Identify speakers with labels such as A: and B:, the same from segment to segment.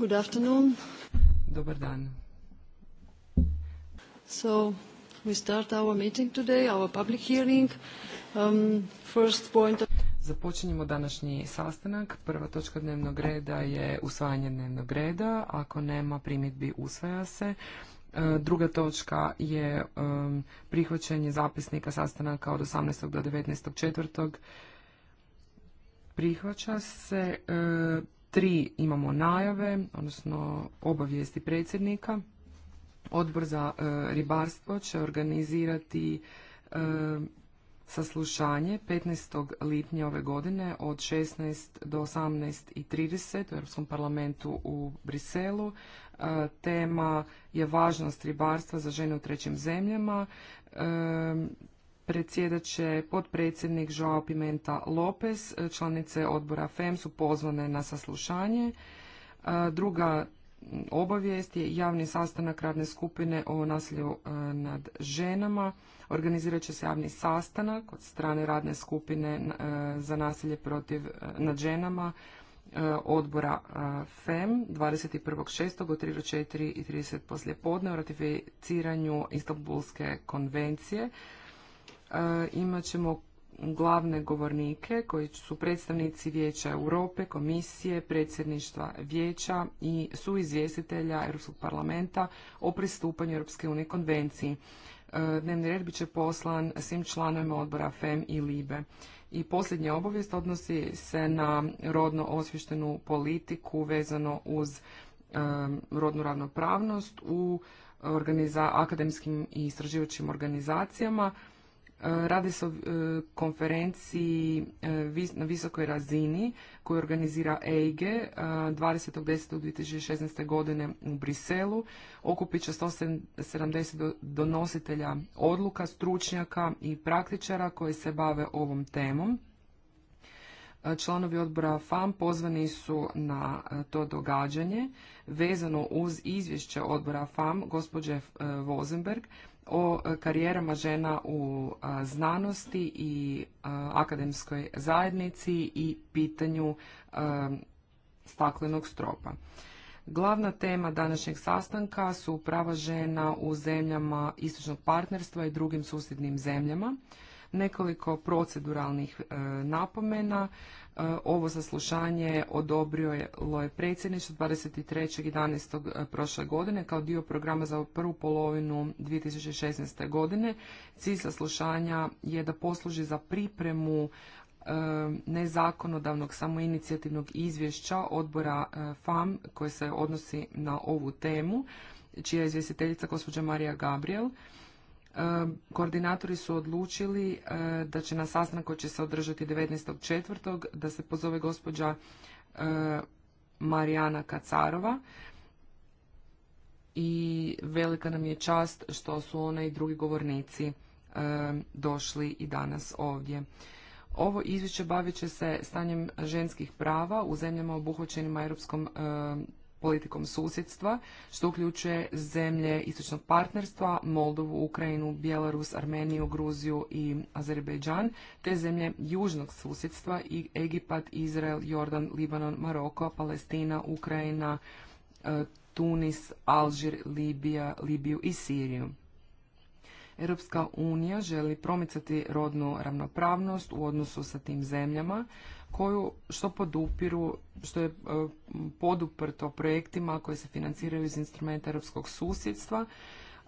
A: Good afternoon. Dobar dan. So, we start our meeting today, our public hearing. Um, first point of... Započinjemo današnji sastanak. Prva točka dnevnog reda je usvajanje dnevnog reda. Ako nema primjedbi, usvaja se. E, druga točka je um, prihvaćanje zapisnika sastanaka od 18. do četvrtog. Prihvaća se e, Tri imamo najave, odnosno obavijesti predsjednika. Odbor za e, ribarstvo će organizirati e, saslušanje 15. lipnja ove godine od 16 do 18.30 u Europskom parlamentu u Briselu. E, tema je važnost ribarstva za žene u trećim zemljama predsjedat će potpredsjednik Joao Pimenta Lopez, članice odbora FEM su pozvane na saslušanje. E, druga obavijest je javni sastanak radne skupine o nasilju e, nad ženama. Organizirat će se javni sastanak od strane radne skupine e, za nasilje protiv nad ženama odbora FEM 21.6. od 3 do i 30 poslije podne o ratificiranju Istanbulske konvencije E, imat ćemo glavne govornike koji su predstavnici Vijeća Europe, Komisije, predsjedništva Vijeća i su izvjestitelja Europskog parlamenta o pristupanju Europske unije konvenciji. E, dnevni red bit će poslan svim članovima odbora FEM i LIBE. I posljednja obavijest odnosi se na rodno osvještenu politiku vezano uz e, rodnu ravnopravnost u akademskim i istraživačkim organizacijama Radi se o e, konferenciji e, na visokoj razini koju organizira EIGE 20.10.2016. E, godine u Briselu. Okupit će 170 donositelja odluka, stručnjaka i praktičara koji se bave ovom temom. Članovi odbora FAM pozvani su na to događanje vezano uz izvješće odbora FAM gospođe Vozenberg o e, karijerama žena u e, znanosti i e, akademskoj zajednici i pitanju staklenog stropa. Glavna tema današnjeg sastanka su prava žena u zemljama istočnog partnerstva i drugim susjednim zemljama. Nekoliko proceduralnih e, napomena. E, ovo saslušanje odobrio je Loje i 11. E, prošle godine kao dio programa za prvu polovinu 2016. godine. Cilj saslušanja je da posluži za pripremu nezakonodavnog samoinicijativnog izvješća odbora FAM koje se odnosi na ovu temu, čija je izvjestiteljica gospođa Marija Gabriel. E, koordinatori su odlučili e, da će na sastanak koji će se održati 19.4. da se pozove gospođa e, Marijana Kacarova i velika nam je čast što su ona i drugi govornici došli i danas ovdje. Ovo izvješće bavit će se stanjem ženskih prava u zemljama obuhvaćenima europskom politikom susjedstva, što uključuje zemlje istočnog partnerstva, Moldovu, Ukrajinu, Bjelarus, Armeniju, Gruziju i Azerbejdžan, te zemlje južnog susjedstva i Egipat, Izrael, Jordan, Libanon, Maroko, Palestina, Ukrajina, e, Tunis, Alžir, Libija, Libiju i Siriju. Europska unija želi promicati rodnu ravnopravnost u odnosu sa tim zemljama, koju, što podupiru, što je e, poduprto projektima koji se financiraju iz instrumenta europskog susjedstva.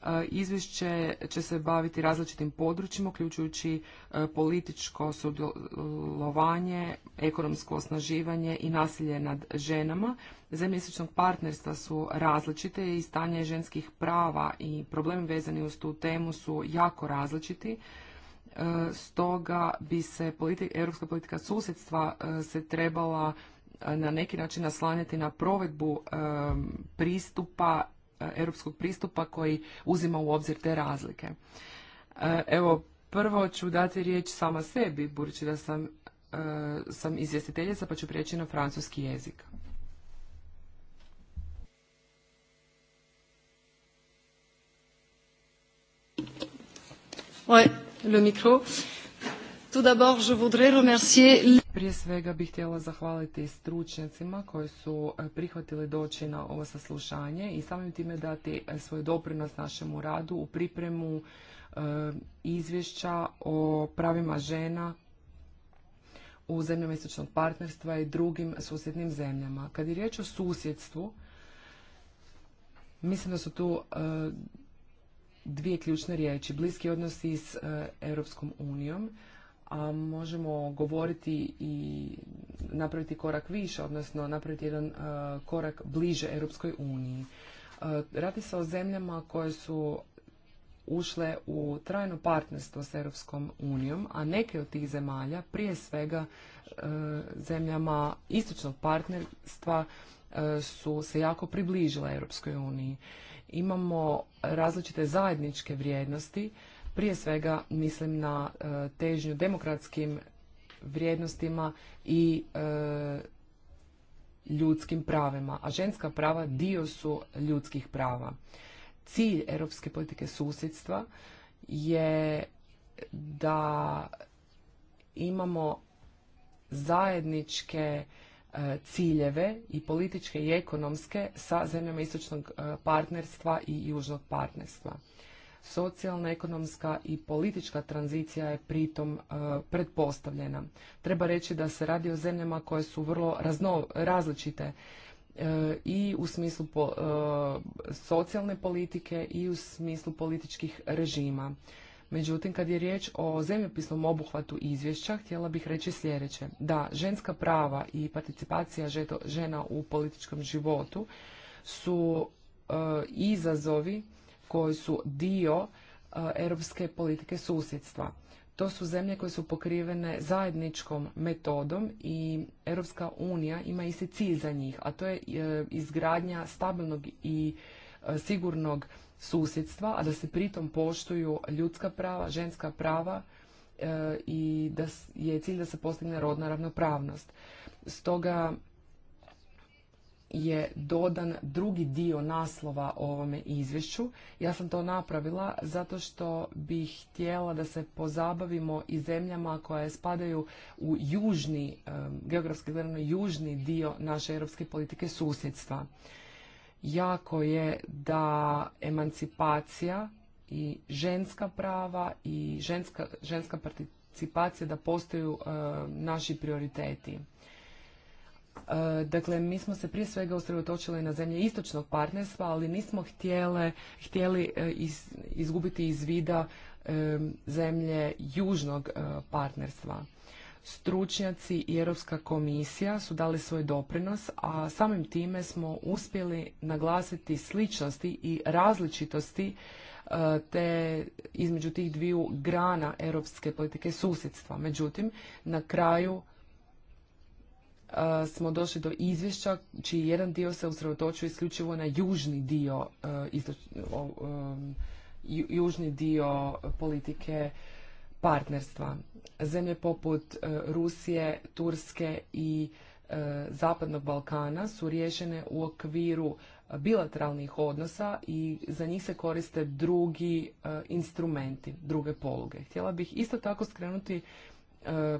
A: E, izvješće će se baviti različitim područjima, uključujući e, političko sudjelovanje, ekonomsko osnaživanje i nasilje nad ženama. zemljišnog partnerstva su različite i stanje ženskih prava i problemi vezani uz tu temu su jako različiti E, stoga bi se europska politika susjedstva e, se trebala e, na neki način naslanjati na provedbu pristupa, europskog pristupa koji uzima u obzir te razlike. Evo, prvo ću dati riječ sama sebi, budući da sam, sam izvjestiteljica, pa ću prijeći na francuski jezik.
B: Ouais, je
A: Prije svega bih htjela zahvaliti stručnjacima koji su e, prihvatili doći na ovo saslušanje i samim time dati e, svoj doprinos našemu radu u pripremu e, izvješća o pravima žena u zemljama istočnog partnerstva i drugim susjednim zemljama. Kad je riječ o susjedstvu, mislim da su tu dvije ključne riječi. Bliski odnosi s e, Europskom unijom, a možemo govoriti i napraviti korak više, odnosno napraviti jedan e, korak bliže Europskoj uniji. E, radi se o zemljama koje su ušle u trajno partnerstvo s Europskom unijom, a neke od tih zemalja, prije svega zemljama istočnog partnerstva, su se jako približile Europskoj uniji imamo različite zajedničke vrijednosti, prije svega mislim na e, težnju demokratskim vrijednostima i e, ljudskim pravima, a ženska prava dio su ljudskih prava. Cilj europske politike susjedstva je da imamo zajedničke E, ciljeve i političke i ekonomske sa zemljama istočnog e, partnerstva i južnog partnerstva. Socijalna, ekonomska i politička tranzicija je pritom e, pretpostavljena. Treba reći da se radi o zemljama koje su vrlo razno, različite i u smislu socijalne politike i u smislu političkih režima. Međutim, kad je riječ o zemljopisnom obuhvatu izvješća, htjela bih reći sljedeće. Da, ženska prava i participacija žena u političkom životu su e, izazovi koji su dio e, europske politike susjedstva. To su zemlje koje su pokrivene zajedničkom metodom i Europska unija ima isti cilj za njih, a to je e, izgradnja stabilnog i sigurnog susjedstva, a da se pritom poštuju ljudska prava, ženska prava e, i da je cilj da se postigne rodna ravnopravnost. Stoga je dodan drugi dio naslova o ovome izvješću. Ja sam to napravila zato što bih htjela da se pozabavimo i zemljama koje spadaju u južni, e, geografski gledano južni dio naše europske politike susjedstva jako je da emancipacija i ženska prava i ženska, ženska participacija da postaju e, naši prioriteti. E, dakle, mi smo se prije svega usredotočili na zemlje istočnog partnerstva, ali nismo htjele, htjeli e, izgubiti iz vida zemlje južnog partnerstva stručnjaci i Europska komisija su dali svoj doprinos, a samim time smo uspjeli naglasiti sličnosti i različitosti e, te između tih dviju grana europske politike susjedstva. Međutim, na kraju e, smo došli do izvješća čiji jedan dio se usredotočuje isključivo na južni dio e, južni dio politike partnerstva. Zemlje poput e, Rusije, Turske i e, Zapadnog Balkana su riješene u okviru bilateralnih odnosa i za njih se koriste drugi e, instrumenti, druge poluge. Htjela bih isto tako skrenuti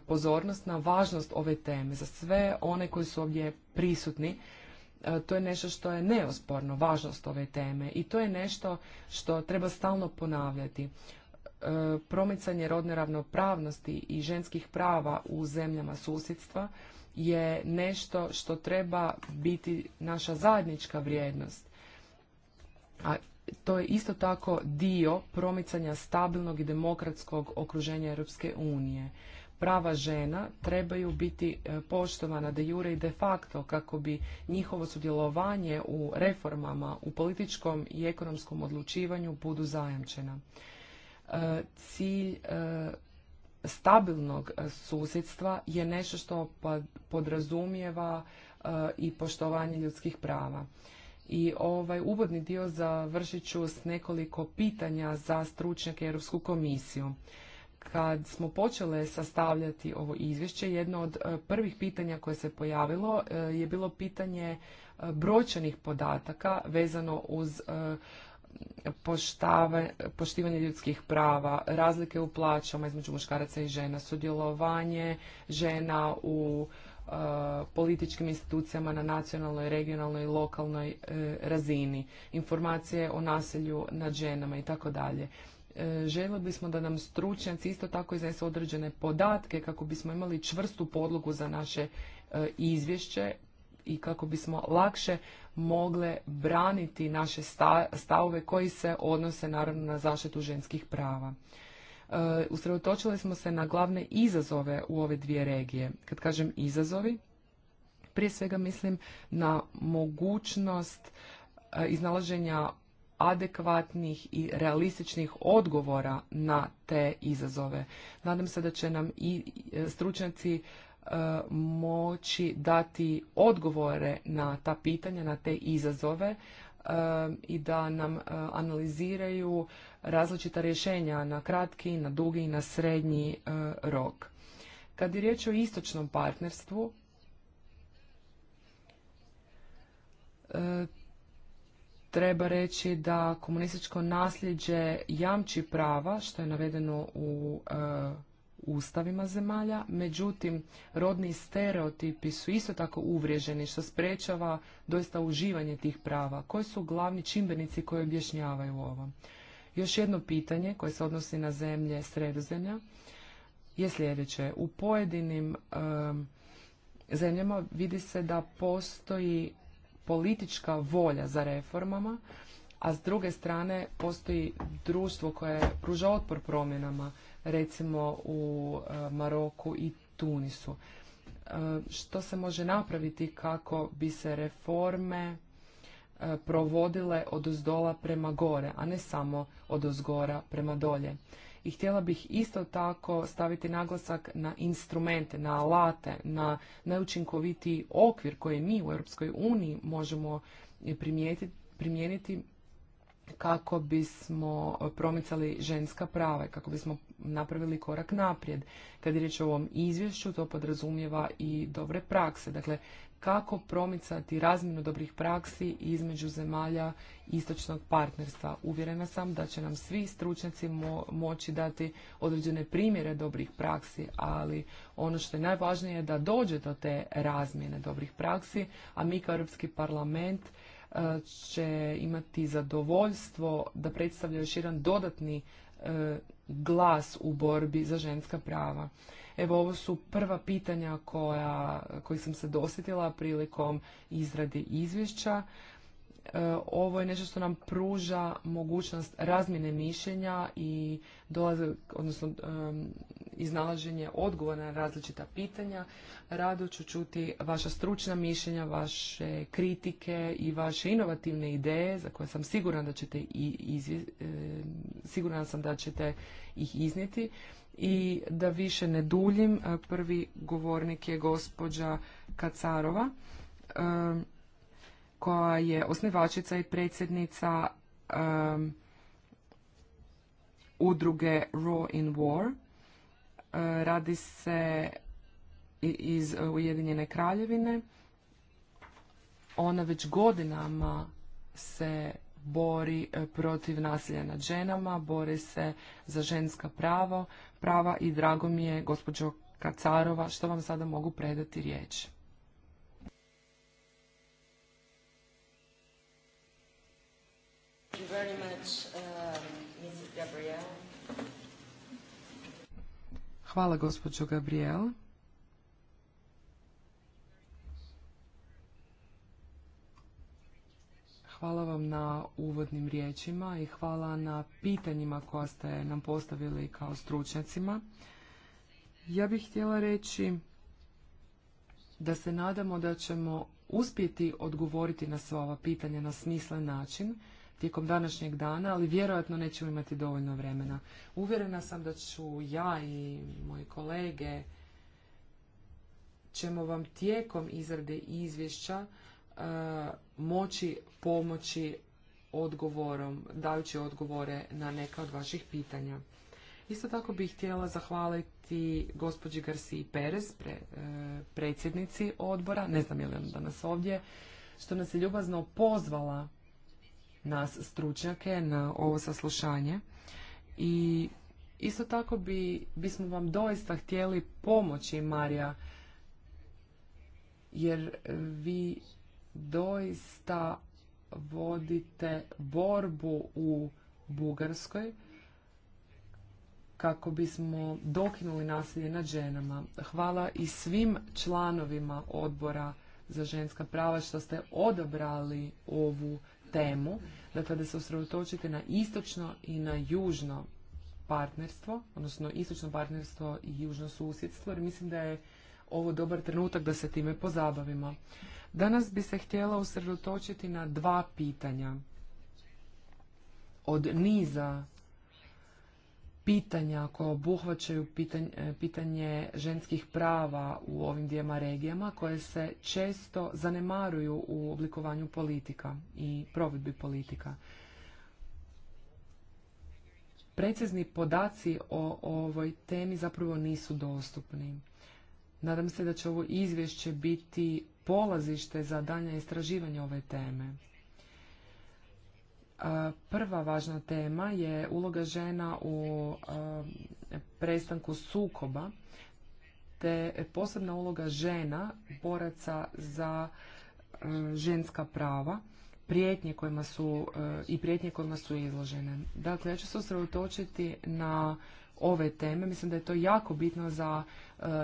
A: pozornost na važnost ove teme za sve one koji su ovdje prisutni. To je nešto što je neosporno, važnost ove teme i to je nešto što treba stalno ponavljati. E, promicanje rodne ravnopravnosti i ženskih prava u zemljama susjedstva je nešto što treba biti naša zajednička vrijednost. A to je isto tako dio promicanja stabilnog i demokratskog okruženja Europske unije. Prava žena trebaju biti e, poštovana de jure i de facto kako bi njihovo sudjelovanje u reformama, u političkom i ekonomskom odlučivanju budu zajamčena. E, cilj e, stabilnog e, susjedstva je nešto što pa, podrazumijeva i poštovanje ljudskih prava. I ovaj uvodni dio završit ću s nekoliko pitanja za stručnjake Europsku komisiju. Kad smo počele sastavljati ovo izvješće, jedno od prvih pitanja koje se pojavilo je bilo pitanje brojčanih podataka vezano uz poštivanje ljudskih prava, razlike u plaćama između muškaraca i žena, sudjelovanje žena u e, političkim institucijama na nacionalnoj, regionalnoj i lokalnoj e, razini, informacije o nasilju nad ženama i tako dalje. E, željeli bismo da nam stručnjaci isto tako iznesu određene podatke kako bismo imali čvrstu podlogu za naše izvješće i kako bismo lakše mogle braniti naše stavove koji se odnose naravno na zaštitu ženskih prava. E, usredotočili smo se na glavne izazove u ove dvije regije. Kad kažem izazovi, prije svega mislim na mogućnost e, iznalaženja adekvatnih i realističnih odgovora na te izazove. Nadam se da će nam i e, stručnjaci E, moći dati odgovore na ta pitanja, na te izazove e, i da nam e, analiziraju različita rješenja na kratki, na dugi i na srednji rok. Kad je riječ o istočnom partnerstvu, treba reći da komunističko nasljeđe jamči prava, što je navedeno u ustavima zemalja, međutim rodni stereotipi su isto tako uvriježeni što sprečava doista uživanje tih prava. Koji su glavni čimbenici koji objašnjavaju ovo? Još jedno pitanje koje se odnosi na zemlje sredozemlja je sljedeće. U pojedinim zemljama vidi se da postoji politička volja za reformama, a s druge strane postoji društvo koje pruža otpor promjenama recimo u e, Maroku i Tunisu. E, što se može napraviti kako bi se reforme e, provodile od ozdola prema gore, a ne samo od ozgora prema dolje. I htjela bih isto tako staviti naglasak na instrumente, na alate, na neučinkoviti okvir koji mi u Europskoj uniji možemo primijeniti kako bismo promicali ženska prava, i kako bismo napravili korak naprijed. Kad je riječ o ovom izvješću, to podrazumijeva i dobre prakse. Dakle, kako promicati razmjenu dobrih praksi između zemalja istočnog partnerstva. Uvjerena sam da će nam svi stručnjaci moći dati određene primjere dobrih praksi, ali ono što je najvažnije je da dođe do te razmjene dobrih praksi, a mi kao Europski parlament e, će imati zadovoljstvo da predstavlja još jedan dodatni e, glas u borbi za ženska prava. Evo, ovo su prva pitanja koja, koji sam se dosjetila prilikom izrade izvješća. E, ovo je nešto što nam pruža mogućnost razmjene mišljenja i dolaze, odnosno iznalaženje odgovora na različita pitanja. Rado ću čuti vaša stručna mišljenja, vaše kritike i vaše inovativne ideje za koje sam siguran da ćete i siguran sam da ćete ih iznijeti. I da više ne duljim, prvi govornik je gospođa Kacarova koja je osnivačica i predsjednica um, udruge Raw in War. E, radi se iz Ujedinjene kraljevine. Ona već godinama se bori e, protiv nasilja nad ženama, bori se za ženska prava, prava i drago mi je gospođo Kacarova što vam sada mogu predati riječ. you very much, um, Hvala gospođo Gabriel. Hvala vam na uvodnim riječima i hvala na pitanjima koja ste nam postavili kao stručnjacima. Ja bih htjela reći da se nadamo da ćemo uspjeti odgovoriti na sva ova pitanja na smislen način tijekom današnjeg dana, ali vjerojatno nećemo imati dovoljno vremena. Uvjerena sam da ću ja i moji kolege ćemo vam tijekom izrade izvješća e, moći pomoći odgovorom, dajući odgovore na neka od vaših pitanja. Isto tako bih htjela zahvaliti gospođi Garciji Perez, e, predsjednici odbora, ne znam je li danas ovdje, što nas je ljubazno pozvala nas stručnjake na ovo saslušanje i isto tako bi, bismo vam doista htjeli pomoći Marija jer vi doista vodite borbu u Bugarskoj kako bismo dokinuli nasilje nad ženama. Hvala i svim članovima odbora za ženska prava što ste odabrali ovu temu, dakle da se usredotočite na istočno i na južno partnerstvo, odnosno istočno partnerstvo i južno susjedstvo, jer mislim da je ovo dobar trenutak da se time pozabavimo. Danas bi se htjela usredotočiti na dva pitanja od niza pitanja koja obuhvaćaju pitanje, pitanje ženskih prava u ovim dvijema regijama koje se često zanemaruju u oblikovanju politika i provedbi politika. Precizni podaci o ovoj temi zapravo nisu dostupni. Nadam se da će ovo izvješće biti polazište za dalje istraživanje ove teme. Prva važna tema je uloga žena u prestanku sukoba, te posebna uloga žena, boraca za ženska prava, prijetnje kojima su i prijetnje kojima su izložene. Dakle, ja ću se usredotočiti na ove teme. Mislim da je to jako bitno za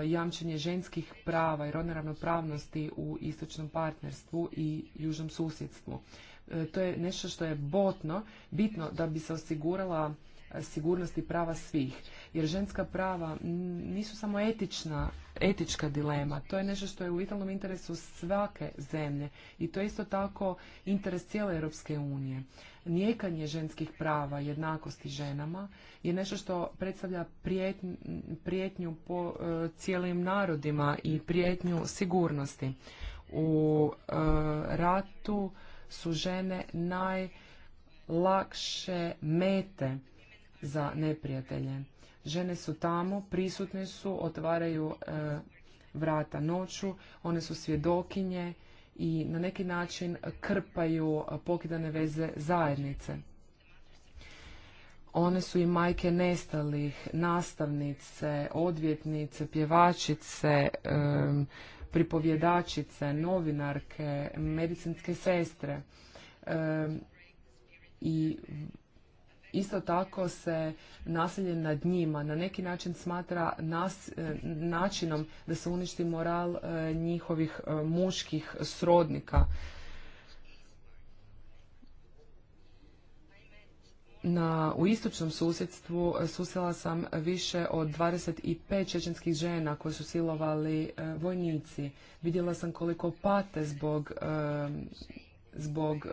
A: jamčenje ženskih prava i rodne ravnopravnosti u istočnom partnerstvu i južnom susjedstvu. E, to je nešto što je botno, bitno da bi se osigurala e, sigurnost i prava svih. Jer ženska prava nisu samo etična, etička dilema. To je nešto što je u vitalnom interesu svake zemlje. I to je isto tako interes cijele Europske unije. Nijekanje ženskih prava, jednakosti ženama je nešto što predstavlja prijetnju, po e, cijelim narodima i prijetnju sigurnosti. U ratu su žene najlakše mete za neprijatelje. Žene su tamo, prisutne su, otvaraju e, vrata noću, one su svjedokinje i na neki način krpaju e, pokidane veze zajednice. One su i majke nestalih, nastavnice, odvjetnice, pjevačice, e, pripovjedačice, novinarke, medicinske sestre. I isto tako se nasilje nad njima na neki način smatra nas, e, načinom da se uništi moral e, njihovih e, muških srodnika na, u istočnom susjedstvu e, susjela sam više od 25 čečenskih žena koje su silovali e, vojnici. Vidjela sam koliko pate zbog, e, zbog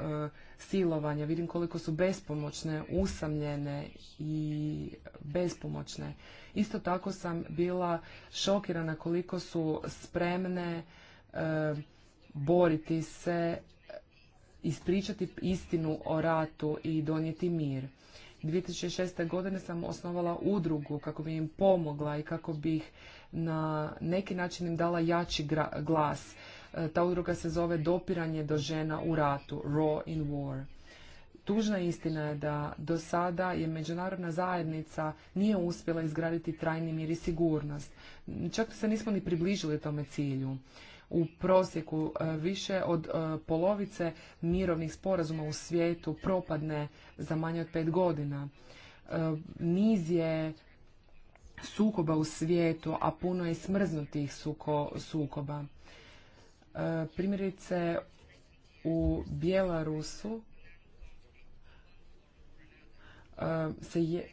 A: silovanja. Vidim koliko su bespomoćne, usamljene i bespomoćne. Isto tako sam bila šokirana koliko su spremne boriti se ispričati istinu o ratu i donijeti mir. 2006. godine sam osnovala udrugu kako bi im pomogla i kako bi ih na neki način im dala jači glas. E, ta udruga se zove Dopiranje do žena u ratu, Raw in War. Tužna istina je da do sada je međunarodna zajednica nije uspjela izgraditi trajni mir i sigurnost. Čak se nismo ni približili tome cilju u prosjeku e, više od e, polovice mirovnih sporazuma u svijetu propadne za manje od pet godina. E, niz je sukoba u svijetu, a puno je smrznutih sukoba. Primjerice, u Bjelarusu se je,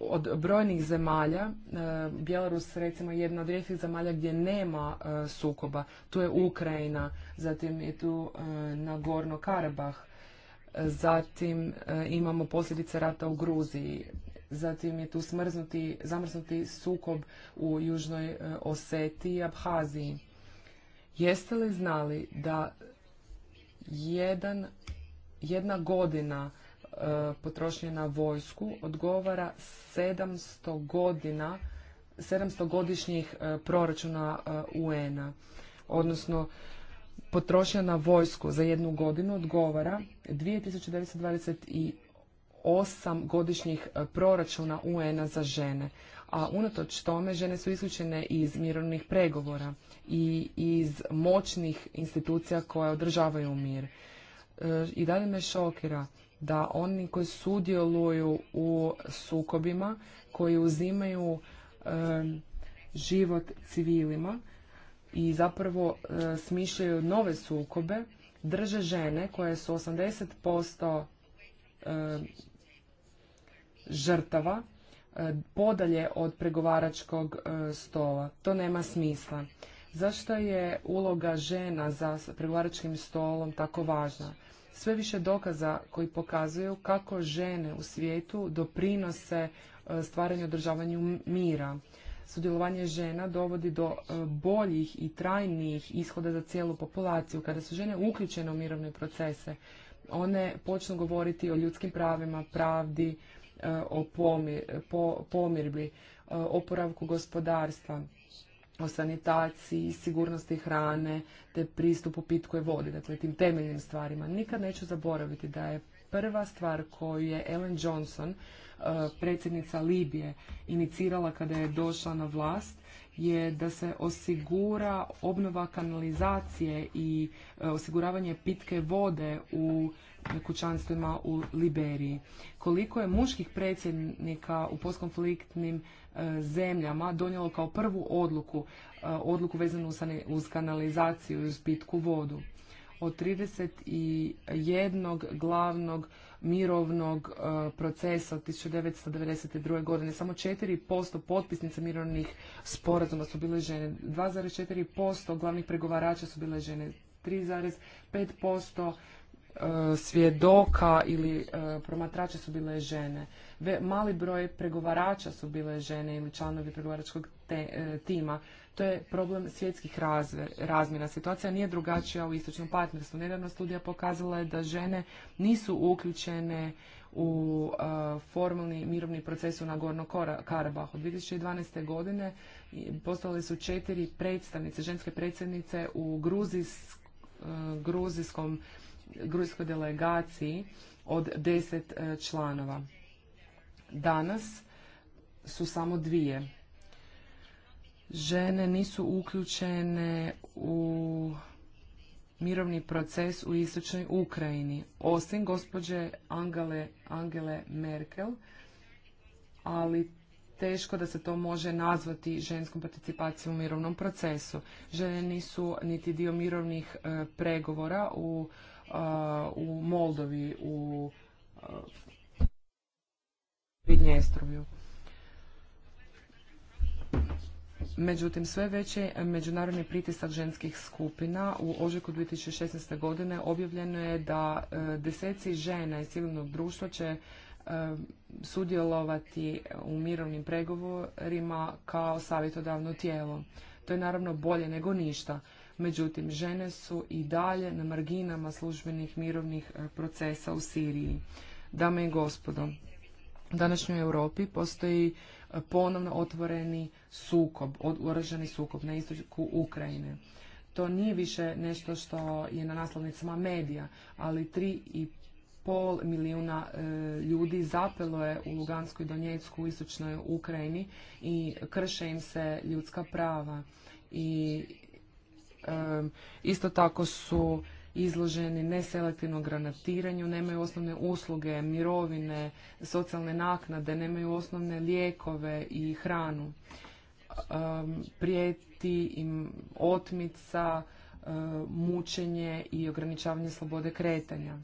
A: od brojnih zemalja, e, Bjelorus recimo je jedna od rijetkih zemalja gdje nema e, sukoba. Tu je Ukrajina, zatim je tu e, na Gorno Karabah, zatim imamo posljedice rata u Gruziji, zatim je tu smrznuti, zamrznuti sukob u Južnoj Osetiji i Abhaziji. Jeste li znali da jedan, jedna godina E, potrošnje na vojsku odgovara 700 godina 700 godišnjih e, proračuna e, UN-a. Odnosno, potrošnja na vojsku za jednu godinu odgovara 2928 godišnjih proračuna UN-a za žene. A unatoč tome žene su isključene iz mirovnih pregovora i iz moćnih institucija koje održavaju mir. I dalje me šokira da oni koji sudjeluju u sukobima, koji uzimaju život civilima i zapravo e, smišljaju nove sukobe, drže žene koje su 80% e, žrtava podalje od pregovaračkog e, stola. To nema smisla. Zašto je uloga žena za pregovaračkim stolom tako važna? Sve više dokaza koji pokazuju kako žene u svijetu doprinose e, stvaranju i održavanju mira. Sudjelovanje žena dovodi do e, boljih i trajnijih ishoda za cijelu populaciju. Kada su žene uključene u mirovne procese, one počnu govoriti o ljudskim pravima, pravdi, e, o pomirbi, oporavku gospodarstva o sanitaciji, sigurnosti hrane, te pristupu pitkoj vodi, dakle tim temeljnim stvarima. Nikad neću zaboraviti da je prva stvar koju je Ellen Johnson, uh, predsjednica Libije, inicirala kada je došla na vlast, je da se osigura obnova kanalizacije i uh, osiguravanje pitke vode u kućanstvima u Liberiji. Koliko je muških predsjednika u postkonfliktnim E, zemljama donijelo kao prvu odluku, e, odluku vezanu uz kanalizaciju i uz pitku vodu. Od 31 glavnog mirovnog e, procesa od 1992. godine samo 4% potpisnica mirovnih sporazuma su bile žene, 2,4% glavnih pregovarača su bile žene, 3,5% svjedoka ili e, promatrača su bile žene. Mali broj pregovarača su bile žene ili članovi pregovaračkog e, tima. To je problem svjetskih razmjena. razmjera. Situacija nije drugačija u istočnom partnerstvu. Nedavna studija pokazala je da žene nisu uključene u e, formalni mirovni proces u Nagorno Karabahu. Od 2012. godine postale su četiri predstavnice, ženske predsjednice u gruzijskom gruzijskoj delegaciji od deset e, članova. Danas su samo dvije. Žene nisu uključene u mirovni proces u istočnoj Ukrajini, osim gospođe Angele, Angele Merkel, ali teško da se to može nazvati ženskom participacijom u mirovnom procesu. Žene nisu niti dio mirovnih e, pregovora u u Moldovi, u Pridnjestrovju. Međutim, sve veći međunarodni pritisak ženskih skupina u ožujku 2016. godine objavljeno je da e, deseci žena iz civilnog društva će e, sudjelovati u mirovnim pregovorima kao savjetodavno tijelo. To je naravno bolje nego ništa. Međutim, žene su i dalje na marginama službenih mirovnih e, procesa u Siriji. Dame i gospodo, u današnjoj Europi postoji e, ponovno otvoreni sukob, oružani sukob na istoku Ukrajine. To nije više nešto što je na naslovnicama medija, ali tri i pol milijuna e, ljudi zapelo je u Lugansku i Donjecku u istočnoj Ukrajini i krše im se ljudska prava i isto tako su izloženi neselektivnom granatiranju, nemaju osnovne usluge, mirovine, socijalne naknade, nemaju osnovne lijekove i hranu. Prijeti im otmica, e, mučenje i ograničavanje slobode kretanja.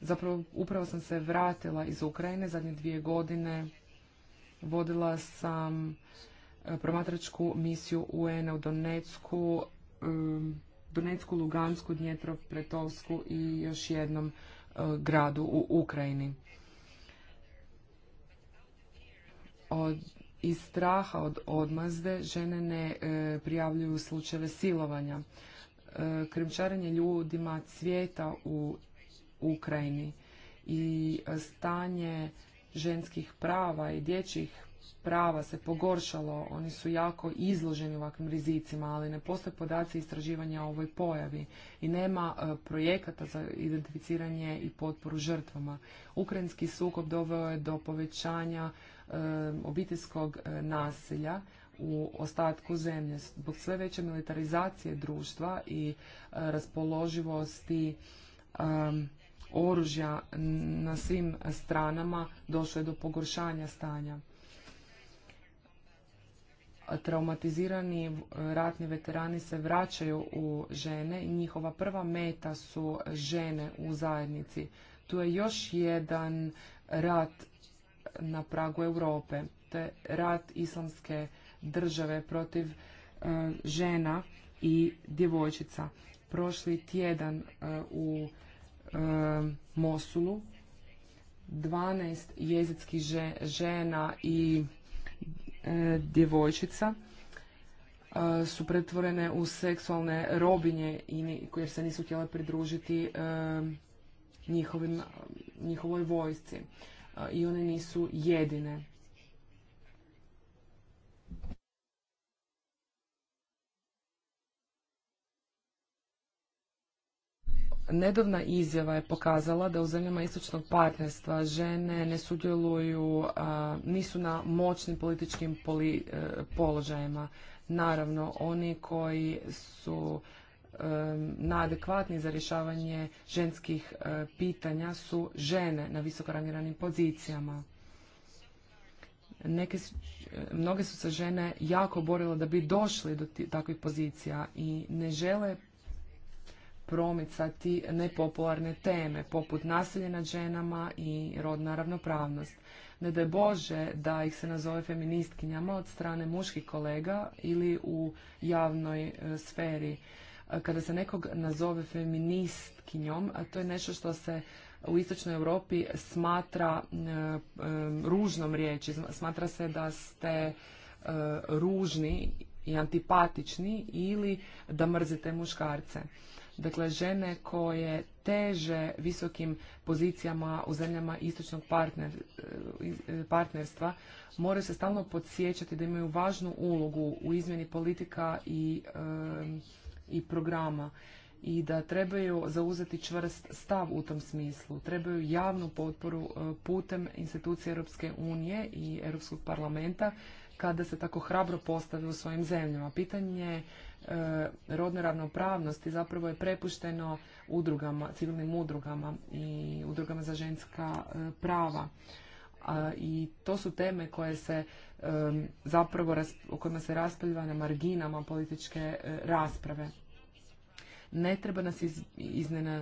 A: Zapravo, upravo sam se vratila iz Ukrajine zadnje dvije godine. Vodila sam e, promatračku misiju UN-a u Donetsku Um, Donetsku, Lugansku, Dnjetrov, Pretovsku i još jednom uh, gradu u Ukrajini. Od, iz straha od odmazde žene ne uh, prijavljuju slučajeve silovanja. E, ljudima cvijeta u Ukrajini i stanje ženskih prava i dječjih prava se pogoršalo, oni su jako izloženi ovakvim rizicima, ali ne postoje podaci istraživanja o ovoj pojavi i nema e, projekata za identificiranje i potporu žrtvama. Ukrajinski sukob doveo je do povećanja e, obiteljskog e, nasilja u ostatku zemlje. Zbog sve veće militarizacije društva i raspoloživosti oružja na svim stranama došlo je do pogoršanja stanja traumatizirani ratni veterani se vraćaju u žene i njihova prva meta su žene u zajednici. Tu je još jedan rat na pragu Europe. To je rat islamske države protiv e, žena i djevojčica. Prošli tjedan e, u e, Mosulu 12 jezitskih žena i E, djevojčica e, su pretvorene u seksualne robinje koje se nisu htjele pridružiti e, njihovoj vojsci. I one nisu jedine. Nedavna izjava je pokazala da u zemljama istočnog partnerstva žene ne sudjeluju, nisu na moćnim političkim e, položajima. Naravno, oni koji su e, najadekvatniji za rješavanje ženskih e, pitanja su žene na visoko rangiranim pozicijama. Neke, mnoge su se žene jako borile da bi došli do takvih pozicija i ne žele promicati nepopularne teme poput nasilje nad ženama i rodna ravnopravnost. Ne daj Bože da ih se nazove feministkinjama od strane muških kolega ili u javnoj e, sferi. E, kada se nekog nazove feministkinjom, a to je nešto što se u istočnoj Europi smatra e, ružnom riječi, smatra se da ste ružni i antipatični ili da mrzite muškarce. Dakle, žene koje teže visokim pozicijama u zemljama istočnog partner, eh, eh, partnerstva moraju se stalno podsjećati da imaju važnu ulogu u izmjeni politika i, eh, i programa i da trebaju zauzeti čvrst stav u tom smislu. Trebaju javnu potporu e, putem institucije Europske unije i Europskog parlamenta kada se tako hrabro postave u svojim zemljama. Pitanje e, rodne ravnopravnosti zapravo je prepušteno udrugama, civilnim udrugama i udrugama za ženska e, prava. I to su teme koje se zapravo, o kojima se raspravlja na marginama političke rasprave. Ne treba nas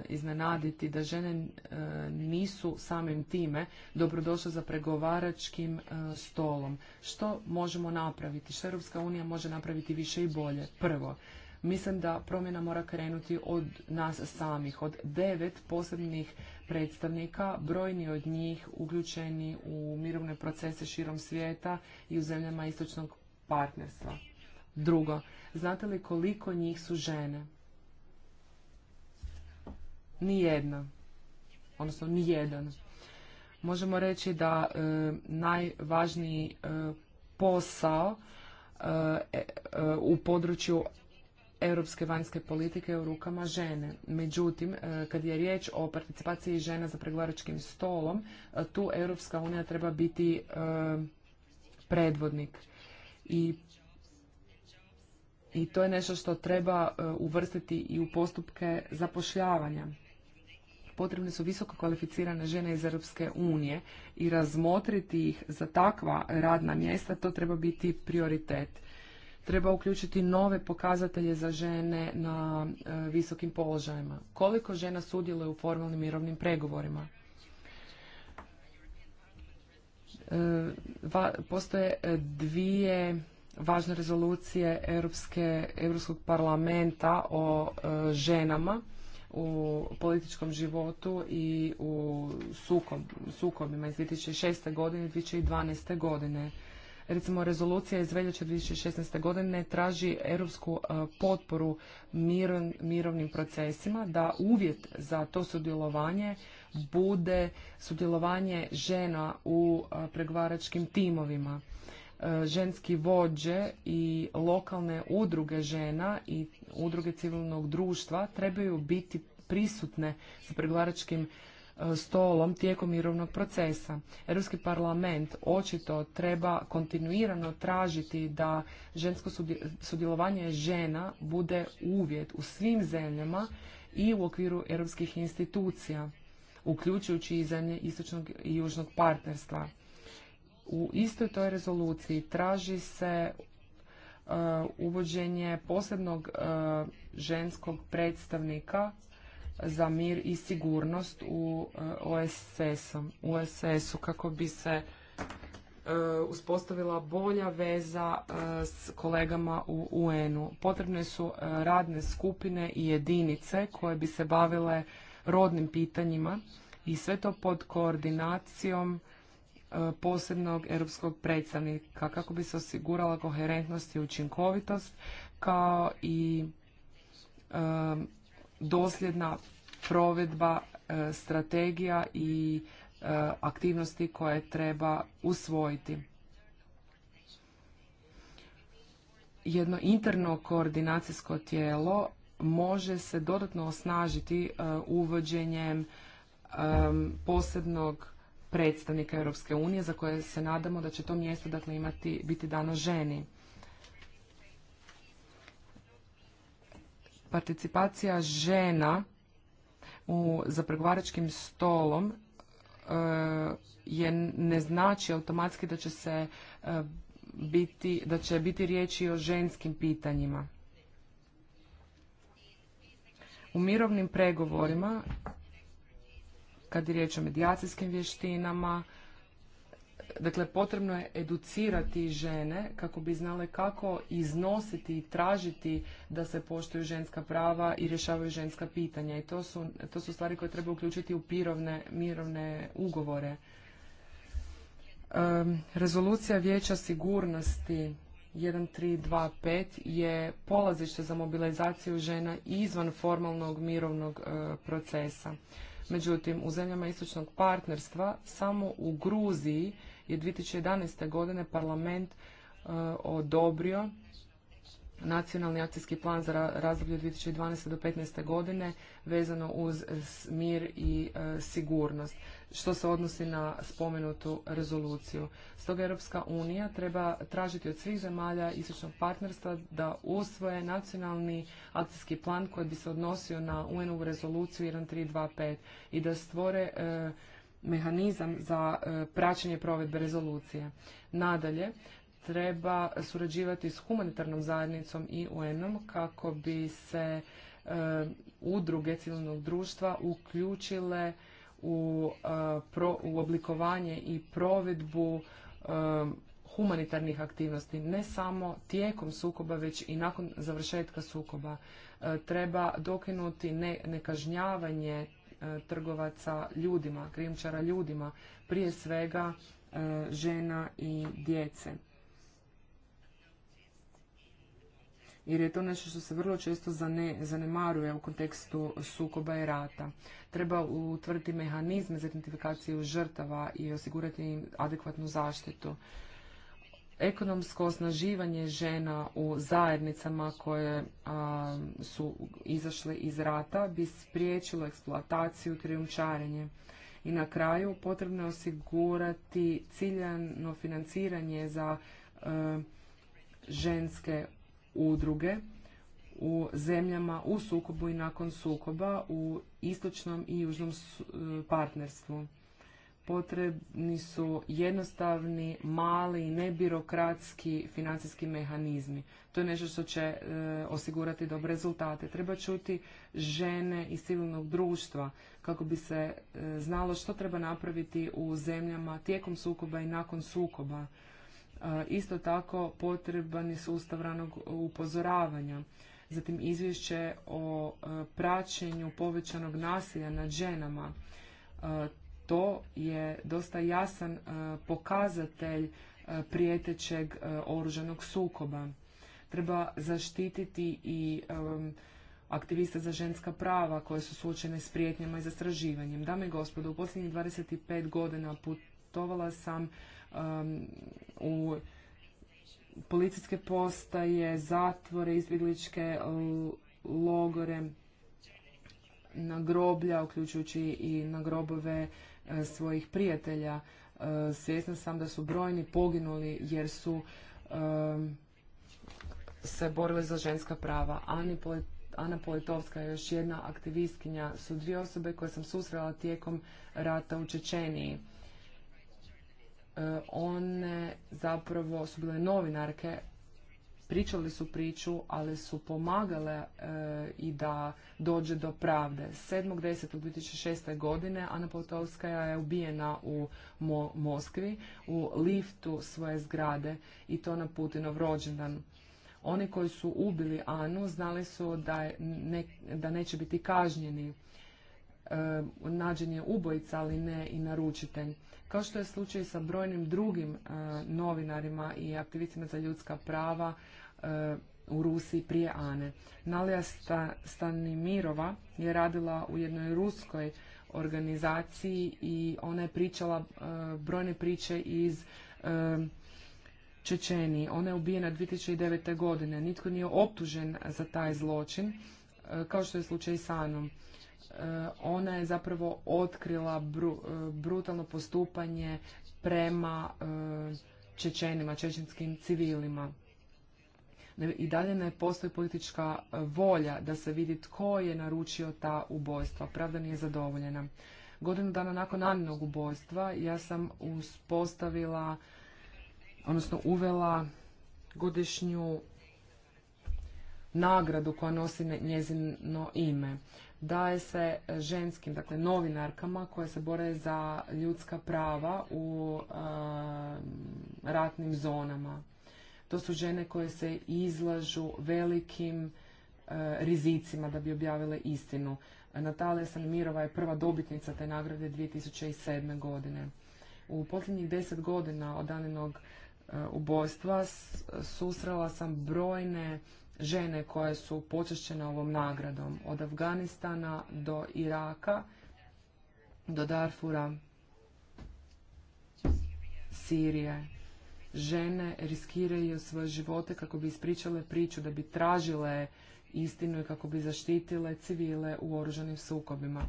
A: iznenaditi da žene e, nisu samim time dobrodošle za pregovaračkim e, stolom. Što možemo napraviti? Što Europska unija može napraviti više i bolje? Prvo, mislim da promjena mora krenuti od nas samih, od devet posebnih predstavnika, brojni od njih uključeni u mirovne procese širom svijeta i u zemljama istočnog partnerstva. Drugo, znate li koliko njih su žene? jedna, Odnosno, ni jedan. Možemo reći da e, najvažniji e, posao e, u području europske vanjske politike u rukama žene. Međutim, kad je riječ o participaciji žena za pregovaračkim stolom, tu Europska unija treba biti predvodnik. I i to je nešto što treba uvrstiti i u postupke zapošljavanja potrebne su visoko kvalificirane žene iz Europske unije i razmotriti ih za takva radna mjesta, to treba biti prioritet. Treba uključiti nove pokazatelje za žene na e, visokim položajima. Koliko žena sudjeluje u formalnim mirovnim pregovorima? E, postoje e, dvije važne rezolucije Europskog parlamenta o ženama u političkom životu i u sukobima iz 2006. godine i 2012. godine. Recimo, rezolucija iz veljače 2016. godine traži europsku e, potporu mirovnim procesima da uvjet za to sudjelovanje bude sudjelovanje žena u e, pregovaračkim timovima E, ženski vođe i lokalne udruge žena i udruge civilnog društva trebaju biti prisutne sa pregovaračkim e, stolom tijekom mirovnog procesa. Europski parlament očito treba kontinuirano tražiti da žensko sudjelovanje žena bude uvjet u svim zemljama i u okviru europskih institucija, uključujući i zemlje istočnog i južnog partnerstva u istoj toj rezoluciji traži se e, uvođenje posebnog e, ženskog predstavnika za mir i sigurnost u e, OSS-u kako bi se uspostavila bolja veza s kolegama u UN-u. Potrebne su radne skupine i jedinice koje bi se bavile rodnim pitanjima i sve to pod koordinacijom E, posebnog europskog predstavnika kako bi se osigurala koherentnost i učinkovitost kao i e, dosljedna provedba e, strategija i aktivnosti koje treba usvojiti. Jedno interno koordinacijsko tijelo može se dodatno osnažiti uvođenjem posebnog predstavnika Europske unije za koje se nadamo da će to mjesto dakle imati biti dano ženi. Participacija žena u, za pregovaračkim stolom e, je ne znači automatski da će se e, biti, da će biti riječi o ženskim pitanjima. U mirovnim pregovorima kad je riječ o medijacijskim vještinama. Dakle, potrebno je educirati žene kako bi znale kako iznositi i tražiti da se poštuju ženska prava i rješavaju ženska pitanja. I to su, to su stvari koje treba uključiti u pirovne, mirovne ugovore. Um, rezolucija Vijeća sigurnosti 1325 je polazište za mobilizaciju žena izvan formalnog mirovnog e, procesa. Međutim, u zemljama istočnog partnerstva samo u Gruziji je 2011. godine parlament e, odobrio nacionalni akcijski plan za razdoblje 2012. do 2015. godine vezano uz mir i e, sigurnost što se odnosi na spomenutu rezoluciju. Stoga Europska unija treba tražiti od svih zemalja istočnog partnerstva da usvoje nacionalni akcijski plan koji bi se odnosio na un u rezoluciju 1325 i da stvore e, mehanizam za e, praćenje provedbe rezolucije. Nadalje, treba surađivati s humanitarnom zajednicom i UN-om kako bi se e, udruge civilnog društva uključile u, pro, oblikovanje i provedbu humanitarnih aktivnosti, ne samo tijekom sukoba, već i nakon završetka sukoba. Treba dokinuti nekažnjavanje trgovaca ljudima, krijumčara ljudima, prije svega žena i djece. jer je to nešto što se vrlo često zanemaruje u kontekstu sukoba i rata. Treba utvrditi mehanizme za identifikaciju žrtava i osigurati im adekvatnu zaštitu. Ekonomsko osnaživanje žena u zajednicama koje su izašle iz rata bi spriječilo eksploataciju, triumčarenje. I na kraju potrebno je osigurati ciljano financiranje za e, ženske udruge u zemljama u sukobu i nakon sukoba u istočnom i južnom e, partnerstvu. Potrebni su jednostavni, mali, nebirokratski financijski mehanizmi. To je nešto što će e, osigurati dobre rezultate. Treba čuti žene iz civilnog društva kako bi se e, znalo što treba napraviti u zemljama tijekom sukoba i nakon sukoba Isto tako potreban je sustav ranog upozoravanja. Zatim izvješće o e, praćenju povećanog nasilja nad ženama. E, to je dosta jasan e, pokazatelj prijetećeg oružanog sukoba. Treba zaštititi i aktivista za ženska prava koje su suočene s prijetnjama i zastraživanjem. Dame i gospodo, u posljednjih 25 godina putovala sam Um, u policijske postaje, zatvore, izbjegličke logore, na groblja, uključujući i na grobove e, svojih prijatelja. E, svjesna sam da su brojni poginuli jer su se borili za ženska prava. Ana Politovska je još jedna aktivistkinja. Su dvije osobe koje sam susrela tijekom rata u Čečeniji E, one zapravo su bile novinarke, pričali su priču, ali su pomagale e, i da dođe do pravde. 7.10.2006. godine Ana Potovskaja je ubijena u Moskvi u liftu svoje zgrade i to na Putinov rođendan. Oni koji su ubili Anu znali su da, da neće biti kažnjeni. E, nađen je ubojica, ali ne i naručitelj kao što je slučaj sa brojnim drugim e, novinarima i aktivistima za ljudska prava e, u Rusiji prije Ane. Nalija Stanimirova je radila u jednoj ruskoj organizaciji i ona je pričala e, brojne priče iz Čečenije. Ona je ubijena 2009. godine. Nitko nije optužen za taj zločin, kao što je slučaj sa Anom. Eh, ona je zapravo otkrila eh, brutalno postupanje prema eh, Čečenima, čečenskim civilima. I dalje ne postoji politička volja da se vidi tko je naručio ta ubojstva. Pravda nije zadovoljena. Godinu dana nakon namjenog ubojstva ja sam uspostavila, odnosno uvela godišnju nagradu koja nosi njezino ime daje se ženskim, dakle novinarkama koje se bore za ljudska prava u eh, ratnim zonama. To su žene koje se izlažu velikim eh, rizicima da bi objavile istinu. Natalija Sanmirova je prva dobitnica te nagrade 2007. godine. U posljednjih deset godina od danenog eh, ubojstva susrela sam brojne žene koje su počešćene ovom nagradom od Afganistana do Iraka, do Darfura, Sirije. Žene riskiraju svoje živote kako bi ispričale priču, da bi tražile istinu i kako bi zaštitile civile u oružanim sukobima.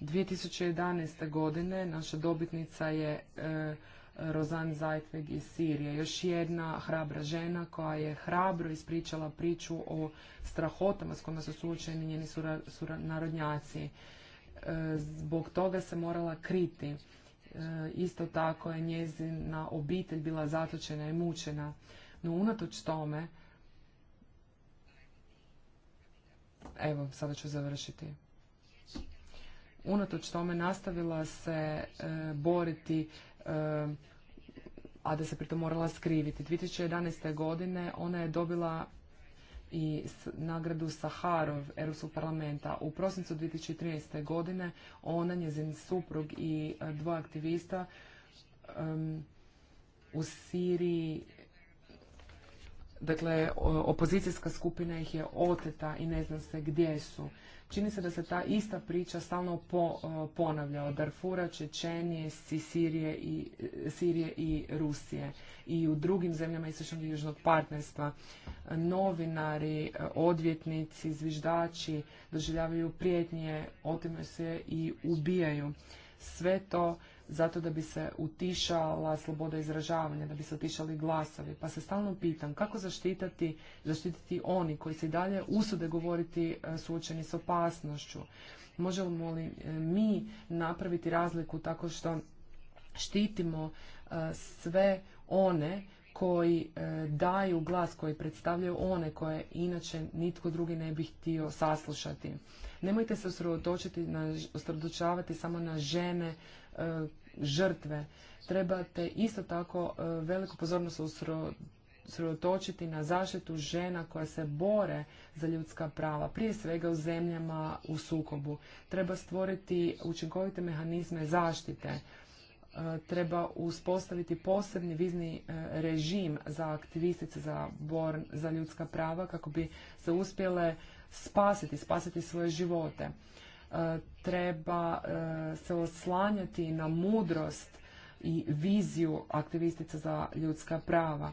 A: 2011. godine naša dobitnica je e, Rozan Zajtveg iz Sirije. Još jedna hrabra žena koja je hrabro ispričala priču o strahotama s kojima su slučajni njeni narodnjaci. E, zbog toga se morala kriti. E, isto tako je njezina obitelj bila zatočena i mučena. No unatoč tome, evo sada ću završiti. Unatoč tome nastavila se e, boriti a da se pritom morala skriviti. 2011. godine ona je dobila i nagradu Saharov Europskog parlamenta. U prosincu 2013. godine ona, njezin suprug i e, dva aktivista u Siriji Dakle, opozicijska skupina ih je oteta i ne zna se gdje su. Čini se da se ta ista priča stalno ponavlja od Darfura, Čečenije, Sirije i, e, Sirije i Rusije i u drugim zemljama istočnog i južnog partnerstva. Novinari, e, odvjetnici, zviždači doživljavaju prijetnje, otimaju se i ubijaju. Sve to zato da bi se utišala sloboda izražavanja, da bi se utišali glasovi. Pa se stalno pitam kako zaštititi, zaštititi oni koji se i dalje usude govoriti e, suočeni s opasnošću. Možemo li e, mi napraviti razliku tako što štitimo e, sve one koji daju glas, koji predstavljaju one koje inače nitko drugi ne bi htio saslušati. Nemojte se usredotočiti, samo na žene E, žrtve. Trebate isto tako e, veliku pozornost usredotočiti na zaštitu žena koje se bore za ljudska prava, prije svega u zemljama u sukobu. Treba stvoriti učinkovite mehanizme zaštite e, treba uspostaviti posebni vizni režim za aktivistice za bor za ljudska prava kako bi se uspjele spasiti, spasiti svoje živote. E, treba e, se oslanjati na mudrost i viziju aktivistica za ljudska prava.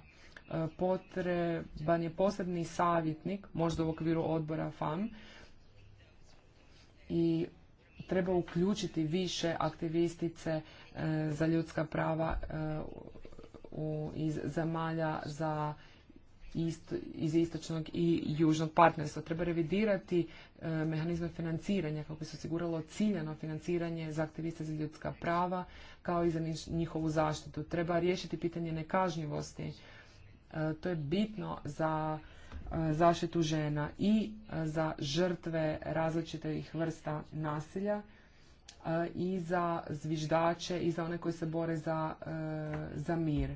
A: E, potreban je posebni savjetnik, možda u okviru odbora FAM, i treba uključiti više aktivistice za ljudska prava iz zemalja za iz istočnog i južnog partnerstva. Treba revidirati e, mehanizme financiranja kako bi se osiguralo ciljano financiranje za aktiviste za ljudska prava kao i za njihovu zaštitu. Treba riješiti pitanje nekažnjivosti. E, to je bitno za e, zaštitu žena i e, za žrtve različitih vrsta nasilja i za zviždače i za one koji se bore za, za mir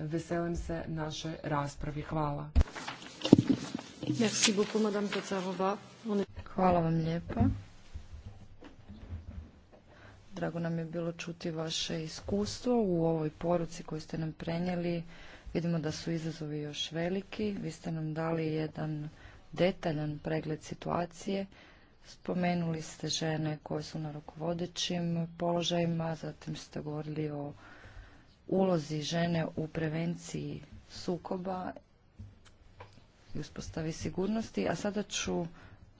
A: Veselim se našoj raspravi. Hvala.
B: Hvala vam lijepa. Drago nam je bilo čuti vaše iskustvo u ovoj poruci koju ste nam prenijeli. Vidimo da su izazovi još veliki. Vi ste nam dali jedan detaljan pregled situacije. Spomenuli ste žene koje su na rukovodećim položajima, zatim ste govorili o ulozi žene u prevenciji sukoba i uspostavi sigurnosti. A sada ću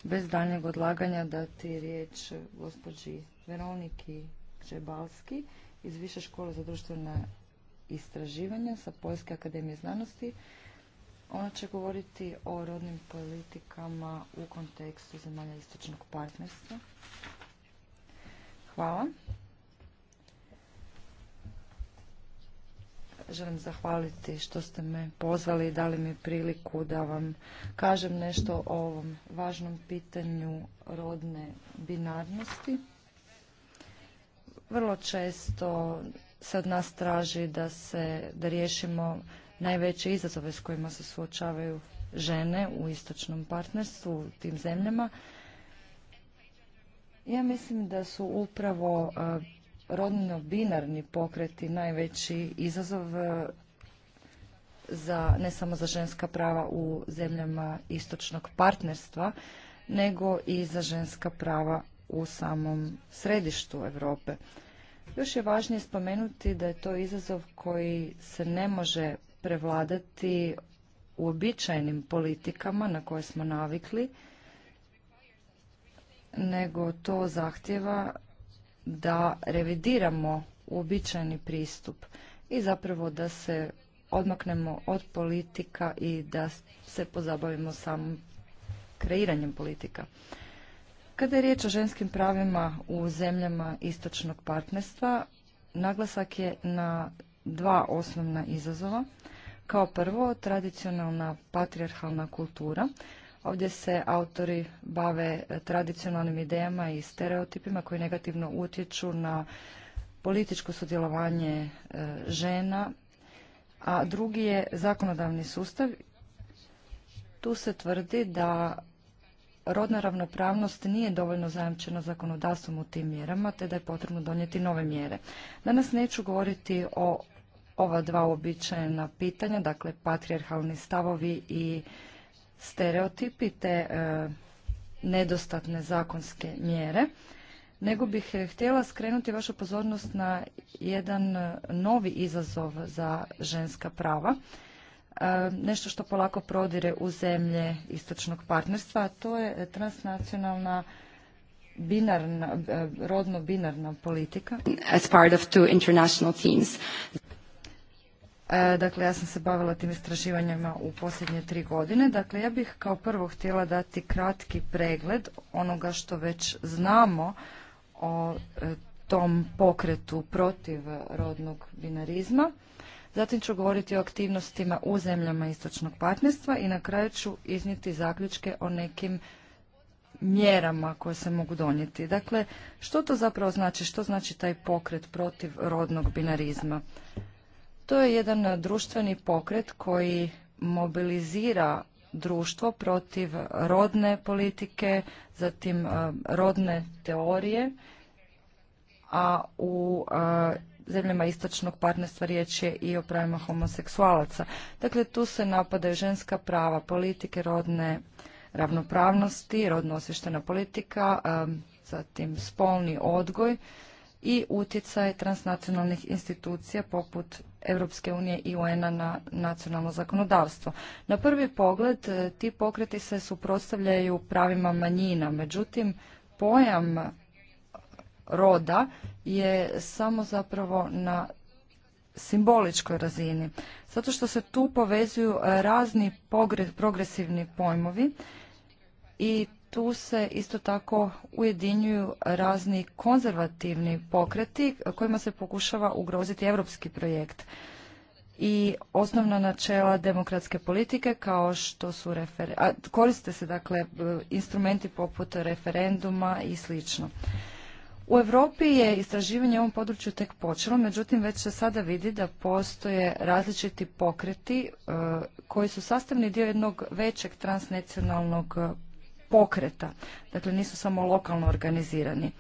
B: bez daljnjeg odlaganja dati riječ gospođi Veroniki Čebalski iz Više škole za društvene istraživanja sa Poljske akademije znanosti. Ona će govoriti o rodnim politikama u kontekstu zemalja istočnog partnerstva. Hvala. želim zahvaliti što ste me pozvali i dali mi priliku da vam kažem nešto o ovom važnom pitanju rodne binarnosti. Vrlo često se od nas traži da se da riješimo najveće izazove s kojima se suočavaju žene u istočnom partnerstvu u tim zemljama. Ja mislim da su upravo rodno-binarni pokreti najveći izazov e, za, ne samo za ženska prava u zemljama istočnog partnerstva, nego i za ženska prava u samom središtu Europe. Još je važnije spomenuti da je to izazov koji se ne može prevladati uobičajenim politikama na koje smo navikli, nego to zahtjeva da revidiramo uobičajeni pristup i zapravo da se odmaknemo od politika i da se pozabavimo samom kreiranjem politika. Kada je riječ o ženskim pravima u zemljama istočnog partnerstva, naglasak je na dva osnovna izazova. Kao prvo, tradicionalna patrijarhalna kultura Ovdje se autori bave e, tradicionalnim idejama i stereotipima koji negativno utječu na političko sudjelovanje e, žena, a drugi je zakonodavni sustav. Tu se tvrdi da rodna ravnopravnost nije dovoljno zajamčena zakonodavstvom u tim mjerama, te da je potrebno donijeti nove mjere. Danas neću govoriti o ova dva uobičajena pitanja, dakle patrijarhalni stavovi i stereotipi te e, nedostatne zakonske mjere, nego bih e, htjela skrenuti vašu pozornost na jedan e, novi izazov za ženska prava, nešto što polako prodire u zemlje istočnog partnerstva, a to je transnacionalna binarna, rodno binarna politika. As part of two international themes. E, dakle, ja sam se bavila tim istraživanjima u posljednje tri godine. Dakle, ja bih kao prvo htjela dati kratki pregled onoga što već znamo o e, tom pokretu protiv rodnog binarizma. Zatim ću govoriti o aktivnostima u zemljama istočnog partnerstva i na kraju ću iznijeti zaključke o nekim mjerama koje se mogu donijeti. Dakle, što to zapravo znači? Što znači taj pokret protiv rodnog binarizma? To je jedan društveni pokret koji mobilizira društvo protiv rodne politike, zatim e, rodne teorije, a u e, zemljama istočnog partnerstva riječ je i o pravima homoseksualaca. Dakle, tu se napadaju ženska prava, politike rodne ravnopravnosti, rodno osvještena politika, e, zatim spolni odgoj i utjecaj transnacionalnih institucija poput Europske unije i un na nacionalno zakonodavstvo. Na prvi pogled e, ti pokreti se suprotstavljaju pravima manjina, međutim pojam roda je samo zapravo na simboličkoj razini. Zato što se tu povezuju e, razni progresivni pojmovi i tu se isto tako ujedinjuju razni konzervativni pokreti kojima se pokušava ugroziti europski projekt i osnovna načela demokratske politike kao što su refer... koriste se dakle instrumenti poput referenduma i slično. U Europi je istraživanje u ovom području tek počelo, međutim već se sada vidi da postoje različiti pokreti e, koji su sastavni dio jednog većeg transnacionalnog pokreta. Dakle, nisu samo lokalno organizirani.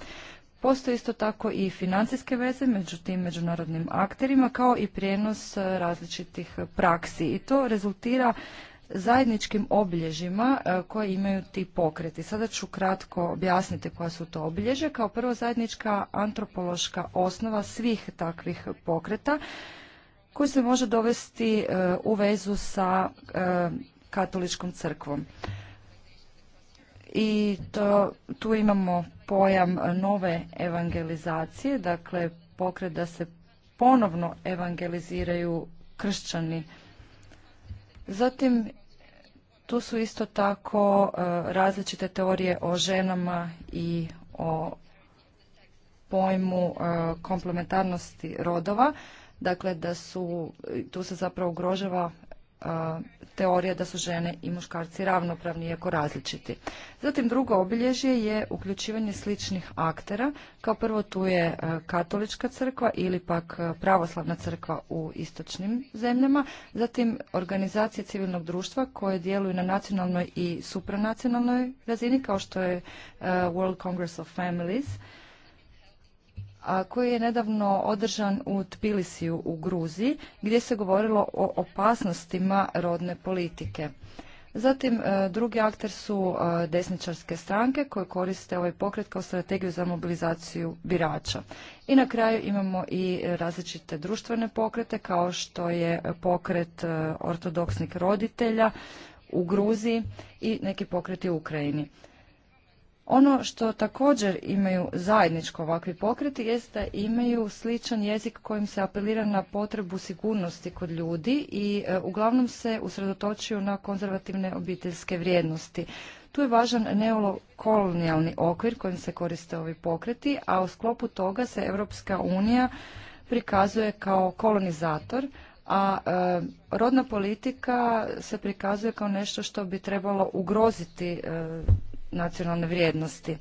B: Postoje isto tako i financijske veze među tim međunarodnim akterima kao i prijenos e, različitih praksi i to rezultira zajedničkim obilježima e, koje imaju ti pokreti. Sada ću kratko objasniti koja su to obilježja. Kao prvo zajednička antropološka osnova svih takvih pokreta koji se može dovesti e, u vezu sa katoličkom crkvom i to, tu imamo pojam nove evangelizacije, dakle pokret da se ponovno evangeliziraju kršćani. Zatim tu su isto tako e, različite teorije o ženama i o pojmu e, komplementarnosti rodova, dakle da su, tu se zapravo ugrožava teorija da su žene i muškarci ravnopravni iako različiti. Zatim drugo obilježje je uključivanje sličnih aktera. Kao prvo tu je katolička crkva ili pak pravoslavna crkva u istočnim zemljama. Zatim organizacije civilnog društva koje djeluju na nacionalnoj i supranacionalnoj razini kao što je World Congress of Families a koji je nedavno održan u Tbilisiju u Gruziji gdje se govorilo o opasnostima rodne politike. Zatim e, drugi akter su e, desničarske stranke koje koriste ovaj pokret kao strategiju za mobilizaciju birača. I na kraju imamo i različite društvene pokrete kao što je pokret e, ortodoksnih roditelja u Gruziji i neki pokreti u Ukrajini. Ono što također imaju zajedničko ovakvi pokreti jest da imaju sličan jezik kojim se apelira na potrebu sigurnosti kod ljudi i e, uglavnom se usredotočuju na konzervativne obiteljske vrijednosti. Tu je važan neokolonijalni okvir kojim se koriste ovi pokreti, a u sklopu toga se Europska unija prikazuje kao kolonizator, a e, rodna politika se prikazuje kao nešto što bi trebalo ugroziti e, nacionalne vrijednosti.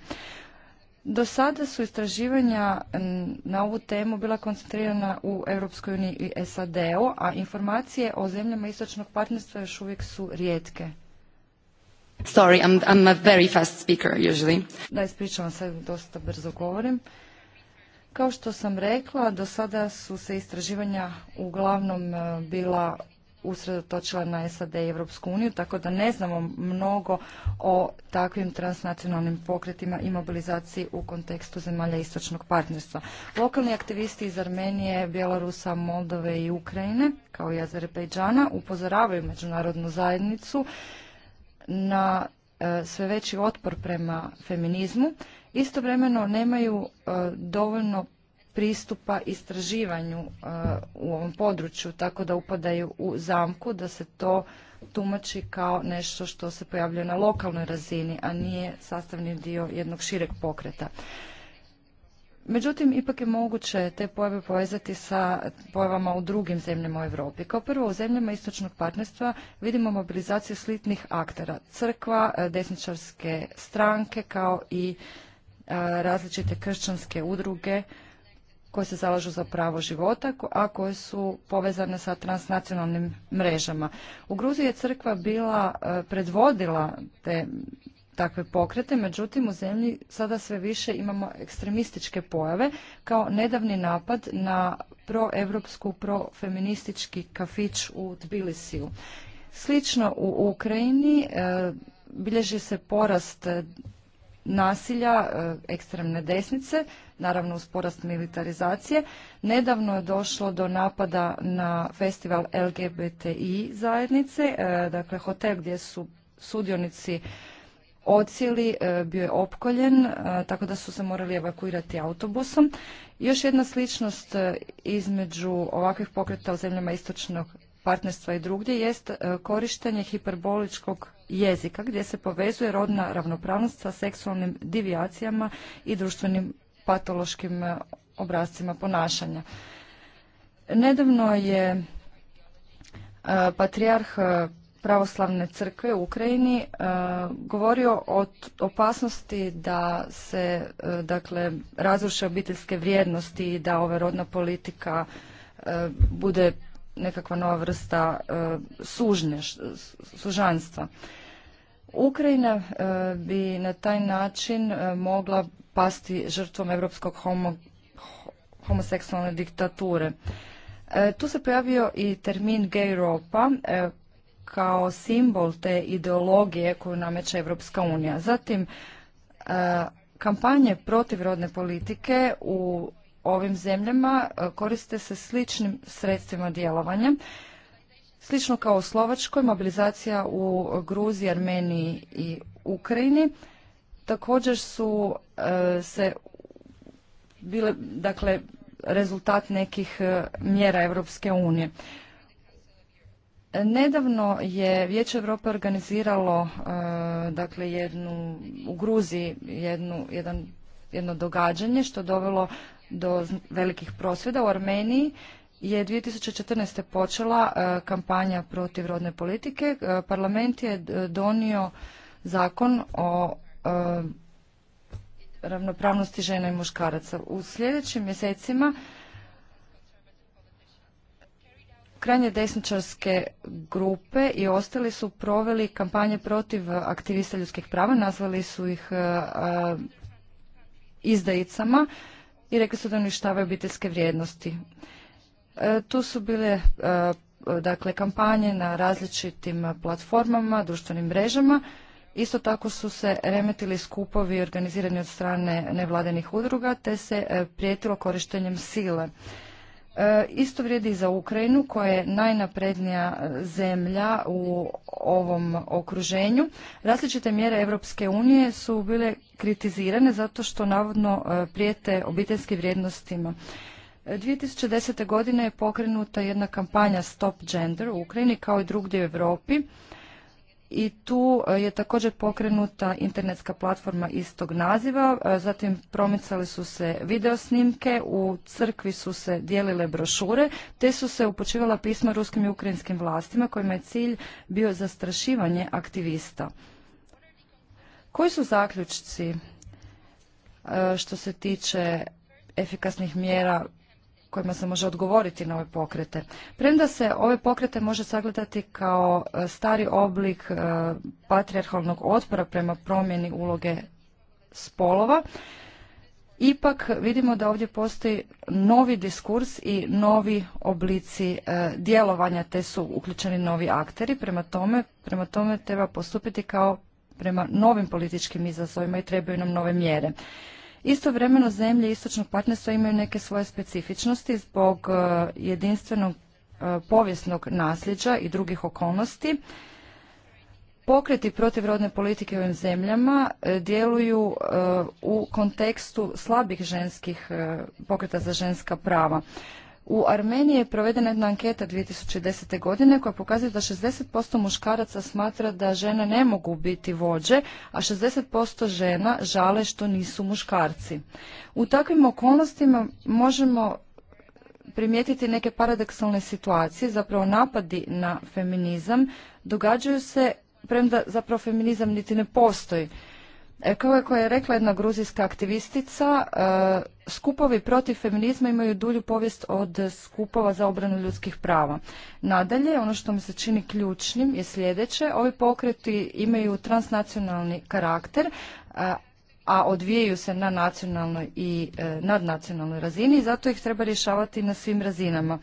B: Do sada su istraživanja na ovu temu bila koncentrirana u Europskoj uniji i SAD-u, a informacije o zemljama istočnog partnerstva još uvijek su rijetke. Sorry, I'm, I'm a very fast speaker usually. Da, ispričavam se, dosta brzo govorim. Kao što sam rekla, do sada su se istraživanja uglavnom e, bila usredotočila na SAD i Europsku uniju, tako da ne znamo mnogo o takvim transnacionalnim pokretima i mobilizaciji u kontekstu zemalja istočnog partnerstva. Lokalni aktivisti iz Armenije, Bjelorusa, Moldove i Ukrajine, kao i Azerbejdžana, upozoravaju međunarodnu zajednicu na e, sve veći otpor prema feminizmu, istovremeno nemaju e, dovoljno pristupa istraživanju e, u ovom području, tako da upadaju u zamku da se to tumači kao nešto što se pojavljuje na lokalnoj razini, a nije sastavni dio jednog šireg pokreta. Međutim, ipak je moguće te pojave povezati sa pojavama u drugim zemljama u Europi. Kao prvo, u zemljama istočnog partnerstva vidimo mobilizaciju slitnih aktera, crkva, e, desničarske stranke, kao i e, različite kršćanske udruge, koje se zalažu za pravo života, a koje su povezane sa transnacionalnim mrežama. U Gruziji je crkva bila e, predvodila te takve pokrete, međutim u zemlji sada sve više imamo ekstremističke pojave kao nedavni napad na proevropsku, profeministički kafić u Tbilisiju. Slično u Ukrajini e, bilježi se porast nasilja e, ekstremne desnice, naravno uz porast militarizacije. Nedavno je došlo do napada na festival LGBTI zajednice, e, dakle hotel gdje su sudionici ocijeli, e, bio je opkoljen, tako da su se morali evakuirati autobusom. Još jedna sličnost između ovakvih pokreta u zemljama istočnog partnerstva i drugdje jest e, korištenje hiperboličkog jezika gdje se povezuje rodna ravnopravnost sa seksualnim divijacijama i društvenim patološkim e, obrazcima ponašanja. Nedavno je e, patrijarh pravoslavne crkve u Ukrajini govorio o opasnosti da se dakle razruše obiteljske vrijednosti i da ova rodna politika bude nekakva nova vrsta e, sužnje, sužanstva. Ukrajina e, bi na taj način e, mogla pasti žrtvom europskog homoseksualne diktature. Tu se pojavio i termin gay ropa kao simbol te ideologije koju nameće Evropska unija. Zatim, kampanje protiv rodne politike u ovim zemljama e, koriste se sličnim sredstvima djelovanja. Slično kao u Slovačkoj, mobilizacija u Gruziji, Armeniji i Ukrajini. Također su e, se bile, dakle, rezultat nekih e, mjera Europske unije. Nedavno je Vijeće Europe organiziralo dakle jednu u Gruziji jednu jedan jedno događanje što dovelo do velikih prosvjeda u Armeniji je 2014. počela e, kampanja protiv rodne politike. E, parlament je donio zakon o e, ravnopravnosti žena i muškaraca. U sljedećim mjesecima krajnje desničarske grupe i ostali su proveli kampanje protiv aktivista ljudskih prava, nazvali su ih izdajicama i rekli su da uništavaju obiteljske vrijednosti. E, tu su bile e, dakle kampanje na različitim platformama, društvenim mrežama. Isto tako su se remetili skupovi organizirani od strane nevladenih udruga te se e, prijetilo korištenjem sile. E, isto vrijedi i za Ukrajinu koja je najnaprednija zemlja u ovom okruženju. Različite mjere Europske unije su bile kritizirane zato što navodno e, prijete obiteljskim vrijednostima. 2010. E, godine je pokrenuta jedna kampanja Stop Gender u Ukrajini kao i drugdje u Europi i tu e, je također pokrenuta internetska platforma istog naziva, e, zatim promicali su se videosnimke, u crkvi su se dijelile brošure, te su se upočivala pisma ruskim i ukrajinskim vlastima kojima je cilj bio zastrašivanje aktivista. Koji su zaključci e, što se tiče efikasnih mjera kojima se može odgovoriti na ove pokrete. Premda se ove pokrete može sagledati kao e, stari oblik e, patriarhalnog otpora prema promjeni uloge spolova, ipak vidimo da ovdje postoji novi diskurs i novi oblici e, djelovanja te su uključeni novi akteri prema tome prema tome treba postupiti kao prema novim političkim izazovima i trebaju nam nove mjere Istovremeno zemlje istočnog partnerstva imaju neke svoje specifičnosti zbog e, jedinstvenog e, povijesnog nasljeđa i drugih okolnosti. Pokreti protiv rodne politike u ovim zemljama e, djeluju u kontekstu slabih ženskih pokreta za ženska prava. U Armeniji je provedena jedna anketa 2010. godine koja pokazuje da 60% muškaraca smatra da žene ne mogu biti vođe, a 60% žena žale što nisu muškarci. U takvim okolnostima možemo primijetiti neke paradoksalne situacije, zapravo napadi na feminizam događaju se premda zapravo feminizam niti ne postoji. E, Kako je rekla jedna gruzijska aktivistica, e, skupovi protiv feminizma imaju dulju povijest od skupova za obranu ljudskih prava. Nadalje, ono što mi se čini ključnim je sljedeće, ovi pokreti imaju transnacionalni karakter, e, a odvijaju se na nacionalnoj i nadnacionalnoj razini i zato ih treba rješavati na svim razinama.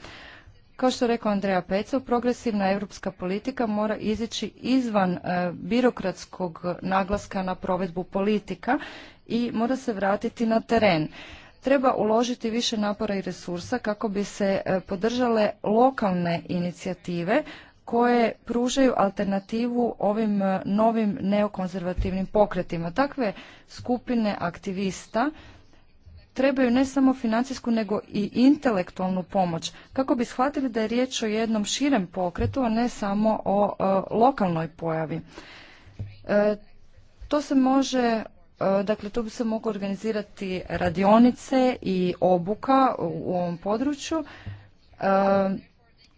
B: Kao što je rekao Andreja Pecov, progresivna europska politika mora izići izvan e, birokratskog naglaska na provedbu politika i mora se vratiti na teren. Treba uložiti više napora i resursa kako bi se e, podržale lokalne inicijative koje pružaju alternativu ovim e, novim neokonzervativnim pokretima. Takve skupine aktivista trebaju ne samo financijsku nego i intelektualnu pomoć kako bi shvatili da je riječ o jednom širem pokretu, a ne samo o e, lokalnoj pojavi. E, to se može e, Dakle, tu bi se mogu organizirati radionice i obuka u, u ovom području.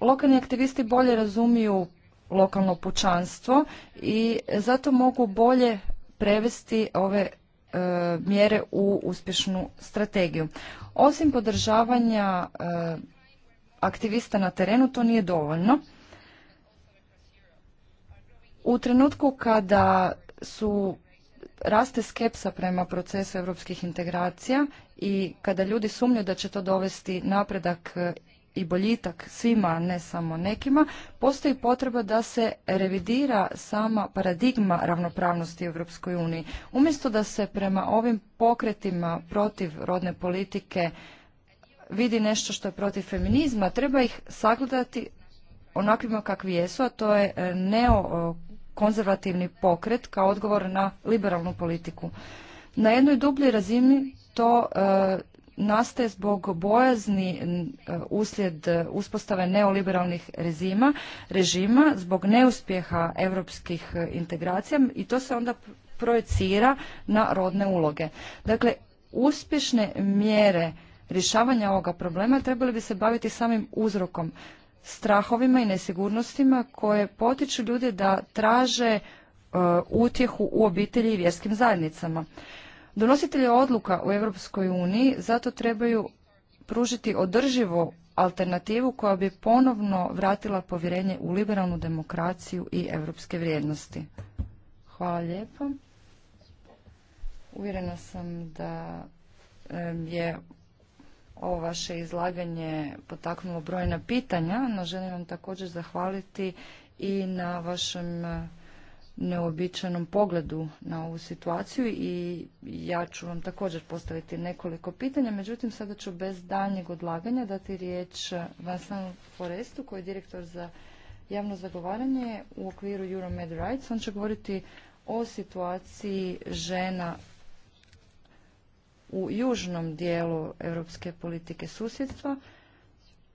B: Lokalni aktivisti bolje razumiju lokalno pučanstvo i zato mogu bolje prevesti ove E, mjere u uspješnu strategiju. Osim podržavanja e, aktivista na terenu to nije dovoljno. U trenutku kada su raste skepsa prema procesu europskih integracija i kada ljudi sumnju da će to dovesti napredak e, i boljitak svima, ne samo nekima, postoji potreba da se revidira sama paradigma ravnopravnosti u Europskoj uniji. Umjesto da se prema ovim pokretima protiv rodne politike vidi nešto što je protiv feminizma, treba ih sagledati onakvima kakvi jesu, a to je e, neokonzervativni e, pokret kao odgovor na liberalnu politiku. Na jednoj dubljoj razini to e, nastaje zbog bojazni e, uslijed e, uspostave neoliberalnih režima, režima zbog neuspjeha europskih e, integracija i to se onda projecira na rodne uloge. Dakle, uspješne mjere rješavanja ovoga problema trebali bi se baviti samim uzrokom strahovima i nesigurnostima koje potiču ljude da traže utjehu u obitelji i vjerskim zajednicama. Donositelji odluka u Europskoj uniji zato trebaju pružiti održivu alternativu koja bi ponovno vratila povjerenje u liberalnu demokraciju i europske vrijednosti. Hvala lijepo. Uvjerena sam da je ovo vaše izlaganje potaknulo brojna pitanja, no želim vam također zahvaliti i na vašem neobičajnom pogledu na ovu situaciju i ja ću vam također postaviti nekoliko pitanja. Međutim, sada ću bez daljnjeg odlaganja dati riječ Vincent Forestu koji je direktor za javno zagovaranje u okviru Euromed Rights. On će govoriti o situaciji žena u južnom dijelu europske politike susjedstva.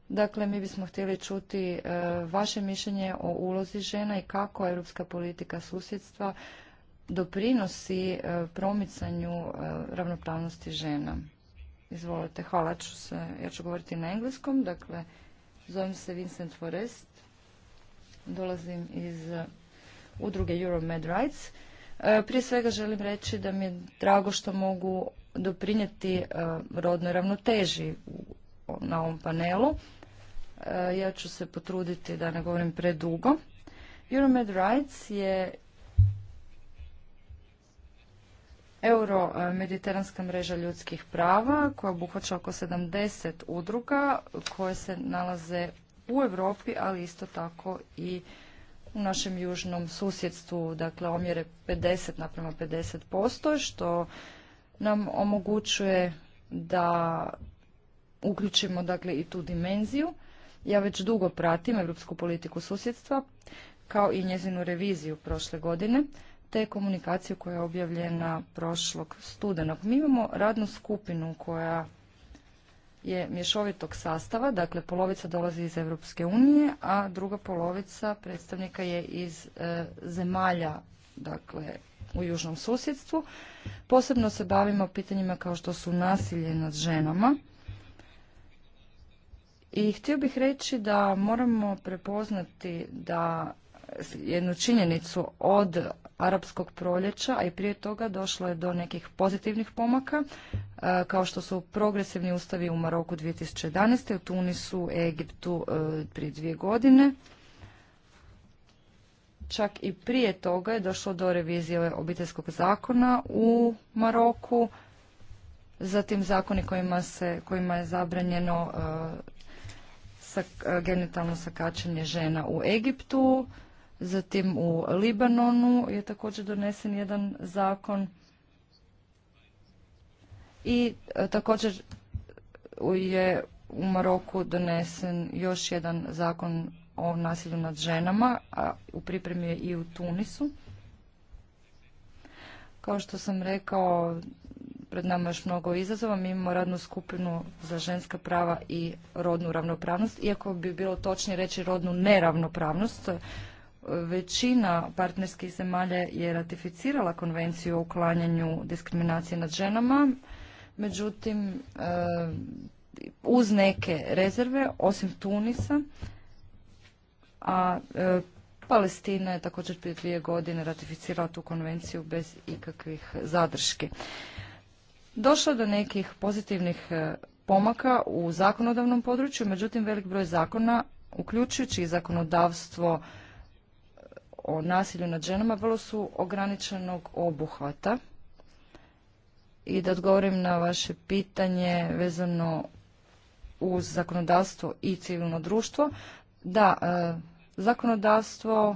B: Dakle, mi bismo htjeli čuti e, vaše mišljenje o ulozi žena i kako europska politika susjedstva doprinosi e, promicanju e, ravnopravnosti žena. Izvolite, hvala ću se, ja ću govoriti na engleskom, dakle, zovem se Vincent Forest, dolazim iz udruge Euromed Rights. Prije svega želim reći da mi je drago što mogu doprinijeti rodnoj ravnoteži u na ovom panelu. E, ja ću se potruditi da ne govorim predugo. Euromed Rights je euromediteranska mreža ljudskih prava koja obuhvaća oko 70 udruga koje se nalaze u Europi, ali isto tako i u našem južnom susjedstvu, dakle omjere 50 naprema 50%, što nam omogućuje da uključimo dakle i tu dimenziju. Ja već dugo pratim europsku politiku susjedstva kao i njezinu reviziju prošle godine te komunikaciju koja je objavljena prošlog studenog. Mi imamo radnu skupinu koja je mješovitog sastava, dakle polovica dolazi iz Europske unije, a druga polovica predstavnika je iz e, zemalja, dakle u južnom susjedstvu. Posebno se bavimo pitanjima kao što su nasilje nad ženama i htio bih reći da moramo prepoznati da jednu činjenicu od arapskog proljeća, a i prije toga došlo je do nekih pozitivnih pomaka, e, kao što su progresivni ustavi u Maroku 2011. u Tunisu, Egiptu e, prije dvije godine. Čak i prije toga je došlo do revizije obiteljskog zakona u Maroku, zatim zakoni kojima, se, kojima je zabranjeno e, E, genitalno sakačenje žena u Egiptu, zatim u Libanonu je također donesen jedan zakon i e, također je u Maroku donesen još jedan zakon o nasilju nad ženama, a u pripremi je i u Tunisu. Kao što sam rekao, pred nama još mnogo izazova. Mi imamo radnu skupinu za ženska prava i rodnu ravnopravnost, iako bi bilo točnije reći rodnu neravnopravnost. Većina partnerskih zemalja je ratificirala konvenciju o uklanjanju diskriminacije nad ženama, međutim, eh, uz neke rezerve, osim Tunisa, a eh, Palestina je također prije dvije godine ratificirala tu konvenciju bez ikakvih zadrški došlo do nekih pozitivnih e, pomaka u zakonodavnom području, međutim velik broj zakona, uključujući i zakonodavstvo e, o nasilju nad ženama, vrlo su ograničenog obuhvata. I da odgovorim na vaše pitanje vezano uz zakonodavstvo i civilno društvo, da, e, zakonodavstvo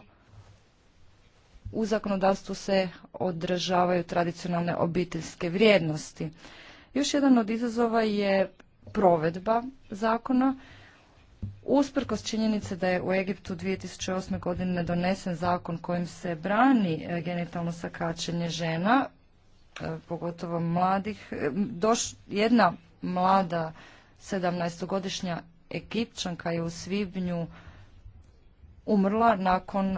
B: u zakonodavstvu se održavaju tradicionalne obiteljske vrijednosti. Još jedan od izazova je provedba zakona. Usprkos činjenice da je u Egiptu 2008. godine donesen zakon kojim se brani e, genitalno sakačenje žena, e, pogotovo mladih, e, doš, jedna mlada 17-godišnja Egipćanka je u svibnju umrla nakon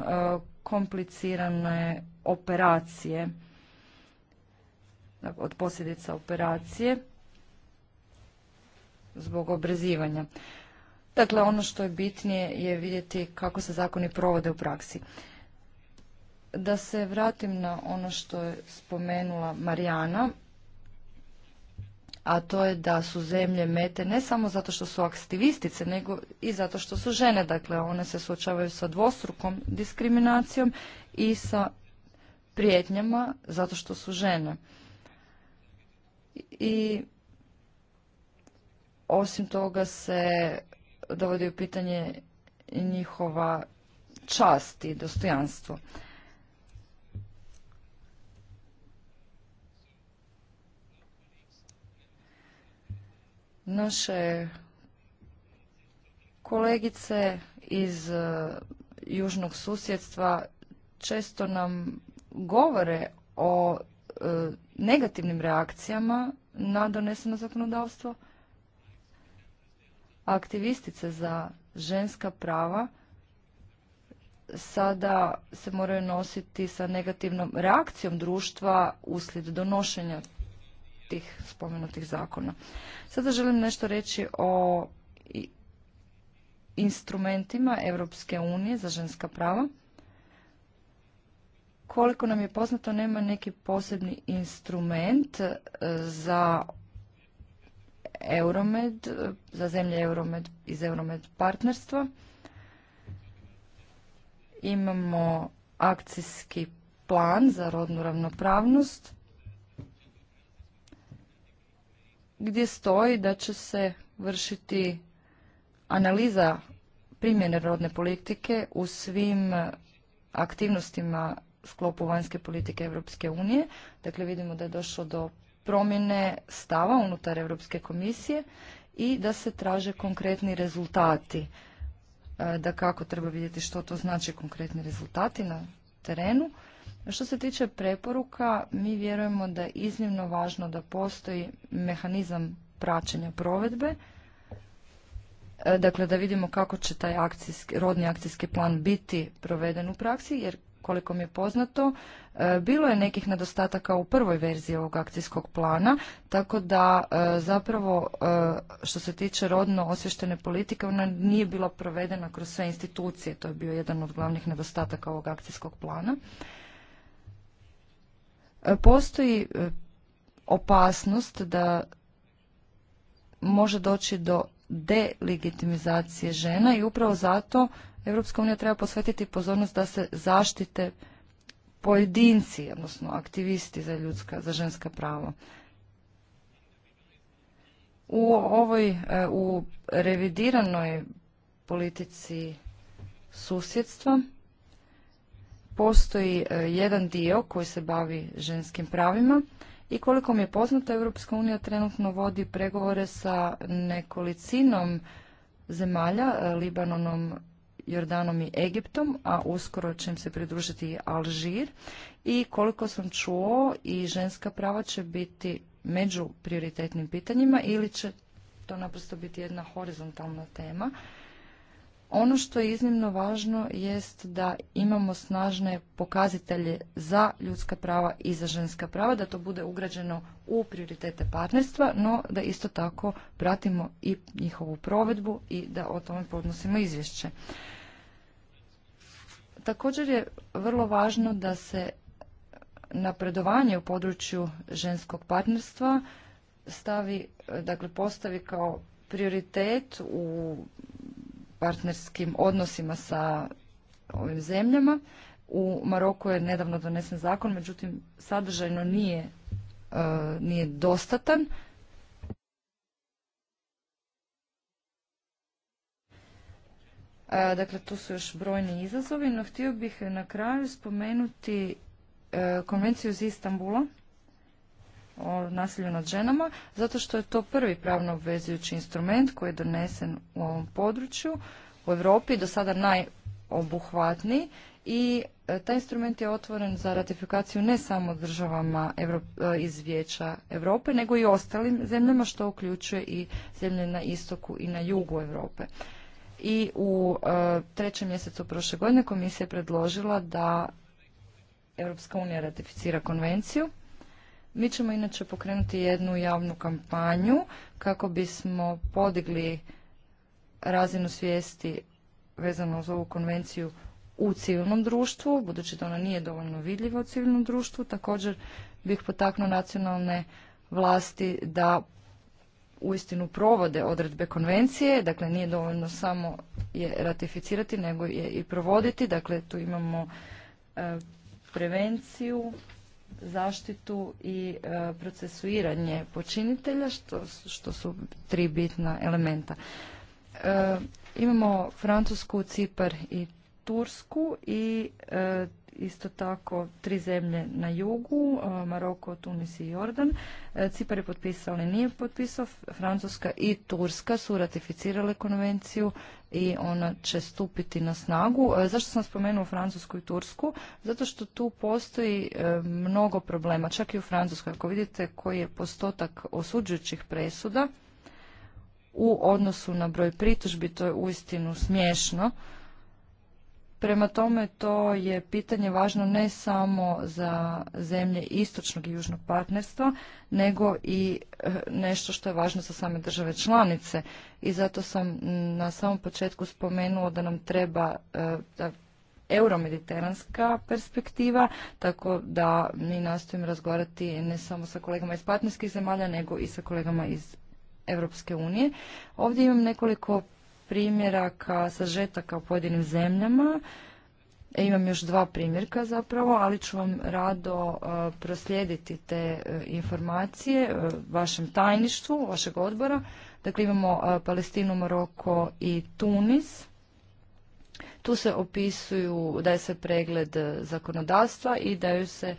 B: komplicirane operacije, dakle, od posljedica operacije zbog obrazivanja. Dakle, ono što je bitnije je vidjeti kako se zakoni provode u praksi. Da se vratim na ono što je spomenula Marijana, a to je da su zemlje mete ne samo zato što su aktivistice, nego i zato što su žene. Dakle, one se suočavaju sa dvostrukom diskriminacijom i sa prijetnjama zato što su žene. I osim toga se dovodi u pitanje njihova čast i dostojanstvo. Naše kolegice iz e, južnog susjedstva često nam govore o e, negativnim reakcijama na doneseno zakonodavstvo. Aktivistice za ženska prava sada se moraju nositi sa negativnom reakcijom društva uslijed donošenja tih spomenutih zakona. Sada želim nešto reći o instrumentima Europske unije za ženska prava. Koliko nam je poznato, nema neki posebni instrument e, za Euromed, e, za zemlje Euromed iz Euromed partnerstva. Imamo akcijski plan za rodnu ravnopravnost gdje stoji da će se vršiti analiza primjene rodne politike u svim aktivnostima sklopu vanjske politike Europske unije. Dakle, vidimo da je došlo do promjene stava unutar Europske komisije i da se traže konkretni rezultati. E, da kako treba vidjeti što to znači konkretni rezultati na terenu. Što se tiče preporuka, mi vjerujemo da je iznimno važno da postoji mehanizam praćenja provedbe, e, dakle da vidimo kako će taj akcijski, rodni akcijski plan biti proveden u praksi, jer koliko mi je poznato, e, bilo je nekih nedostataka u prvoj verziji ovog akcijskog plana, tako da e, zapravo što se tiče rodno osvještene politike, ona nije bila provedena kroz sve institucije, to je bio jedan od glavnih nedostataka ovog akcijskog plana. Postoji e, opasnost da može doći do delegitimizacije žena i upravo zato unija treba posvetiti pozornost da se zaštite pojedinci, odnosno aktivisti za ljudska, za ženska prava. U ovoj, e, u revidiranoj politici susjedstva postoji e, jedan dio koji se bavi ženskim pravima i koliko mi je poznata, Europska unija trenutno vodi pregovore sa nekolicinom zemalja, e, Libanonom, Jordanom i Egiptom, a uskoro će im se pridružiti i Alžir. I koliko sam čuo i ženska prava će biti među prioritetnim pitanjima ili će to naprosto biti jedna horizontalna tema. Ono što je iznimno važno jest da imamo snažne pokazatelje za ljudska prava i za ženska prava, da to bude ugrađeno u prioritete partnerstva, no da isto tako pratimo i njihovu provedbu i da o tome podnosimo izvješće. Također je vrlo važno da se napredovanje u području ženskog partnerstva stavi, dakle postavi kao prioritet u partnerskim odnosima sa ovim zemljama. U Maroku je nedavno donesen zakon, međutim sadržajno nije, e, nije dostatan. E, dakle, tu su još brojni izazovi, no htio bih na kraju spomenuti e, konvenciju iz Istambula o nasilju nad ženama, zato što je to prvi pravno obvezujući instrument koji je donesen u ovom području u Europi, do sada najobuhvatniji i e, taj instrument je otvoren za ratifikaciju ne samo državama e, iz Vijeća Europe, nego i ostalim zemljama što uključuje i zemlje na istoku i na jugu Europe. I u e, trećem mjesecu prošle godine komisija je predložila da Europska unija ratificira konvenciju mi ćemo inače pokrenuti jednu javnu kampanju kako bismo podigli razinu svijesti vezano uz ovu konvenciju u civilnom društvu, budući da ona nije dovoljno vidljiva u civilnom društvu. Također bih potaknuo nacionalne vlasti da uistinu provode odredbe konvencije, dakle nije dovoljno samo je ratificirati, nego je i provoditi, dakle tu imamo e, prevenciju, zaštitu i e, procesuiranje počinitelja, što, što su tri bitna elementa. E, imamo Francusku, Cipar i Tursku i e, isto tako tri zemlje na jugu, e, Maroko, Tunis i Jordan. E, Cipar je potpisao, ali nije potpisao. Francuska i Turska su ratificirale konvenciju i ona će stupiti na snagu. E, zašto sam spomenuo Francusku i Tursku? Zato što tu postoji mnogo problema, čak i u Francuskoj. Ako vidite koji je postotak osuđujućih presuda u odnosu na broj pritužbi, to je uistinu smiješno. Prema tome to je pitanje važno ne samo za zemlje istočnog i južnog partnerstva, nego i eh, nešto što je važno za same države članice. I zato sam na samom početku spomenuo da nam treba eh, euromediteranska perspektiva, tako da mi nastojim razgovarati ne samo sa kolegama iz partnerskih zemalja, nego i sa kolegama iz Europske unije. Ovdje imam nekoliko primjeraka sažetaka u pojedinim zemljama. E, imam još dva primjerka zapravo, ali ću vam rado e, proslijediti te e, informacije e, vašem tajništvu, vašeg odbora. Dakle, imamo Palestinu, Maroko i Tunis. Tu se opisuju, daje se pregled zakonodavstva i daju se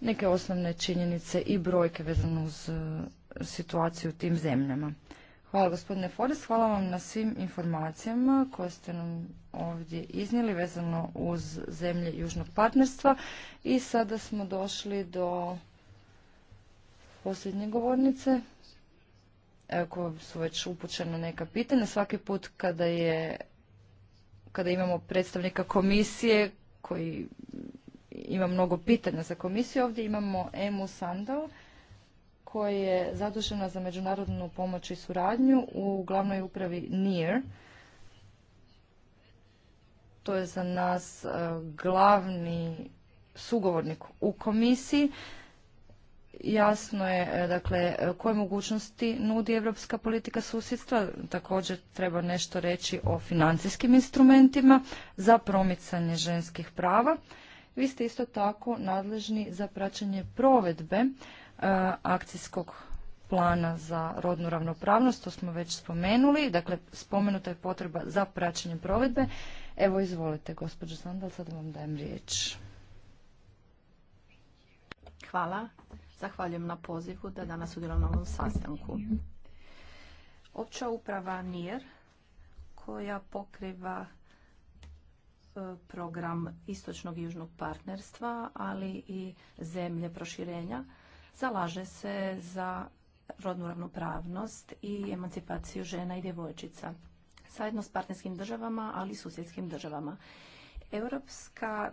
B: neke osnovne činjenice i brojke vezano uz situaciju u tim zemljama. Hvala gospodine Forest, hvala vam na svim informacijama koje ste nam ovdje iznijeli vezano uz zemlje južnog partnerstva i sada smo došli do posljednje govornice e, koje su već upućena neka pitanja. Svaki put kada je kada imamo predstavnika komisije koji ima mnogo pitanja za komisiju, ovdje imamo Emu Sandal koje je zadužena za međunarodnu pomoć i suradnju u glavnoj upravi NIR. To je za nas e, glavni sugovornik u komisiji. Jasno je e, dakle koje mogućnosti nudi europska politika susjedstva. Također treba nešto reći o financijskim instrumentima za promicanje ženskih prava. Vi ste isto tako nadležni za praćenje provedbe E, akcijskog plana za rodnu ravnopravnost, to smo već spomenuli, dakle spomenuta je potreba za praćenje provedbe. Evo izvolite, gospođo Sandal, sad vam dajem riječ.
C: Hvala. Zahvaljujem na pozivu da danas sudjelujem na ovom sastanku. Opća uprava NIR koja pokriva e, program istočnog i južnog partnerstva, ali i zemlje proširenja, zalaže se za rodnu ravnopravnost i emancipaciju žena i djevojčica zajedno s partnerskim državama, ali i susjedskim državama. Europska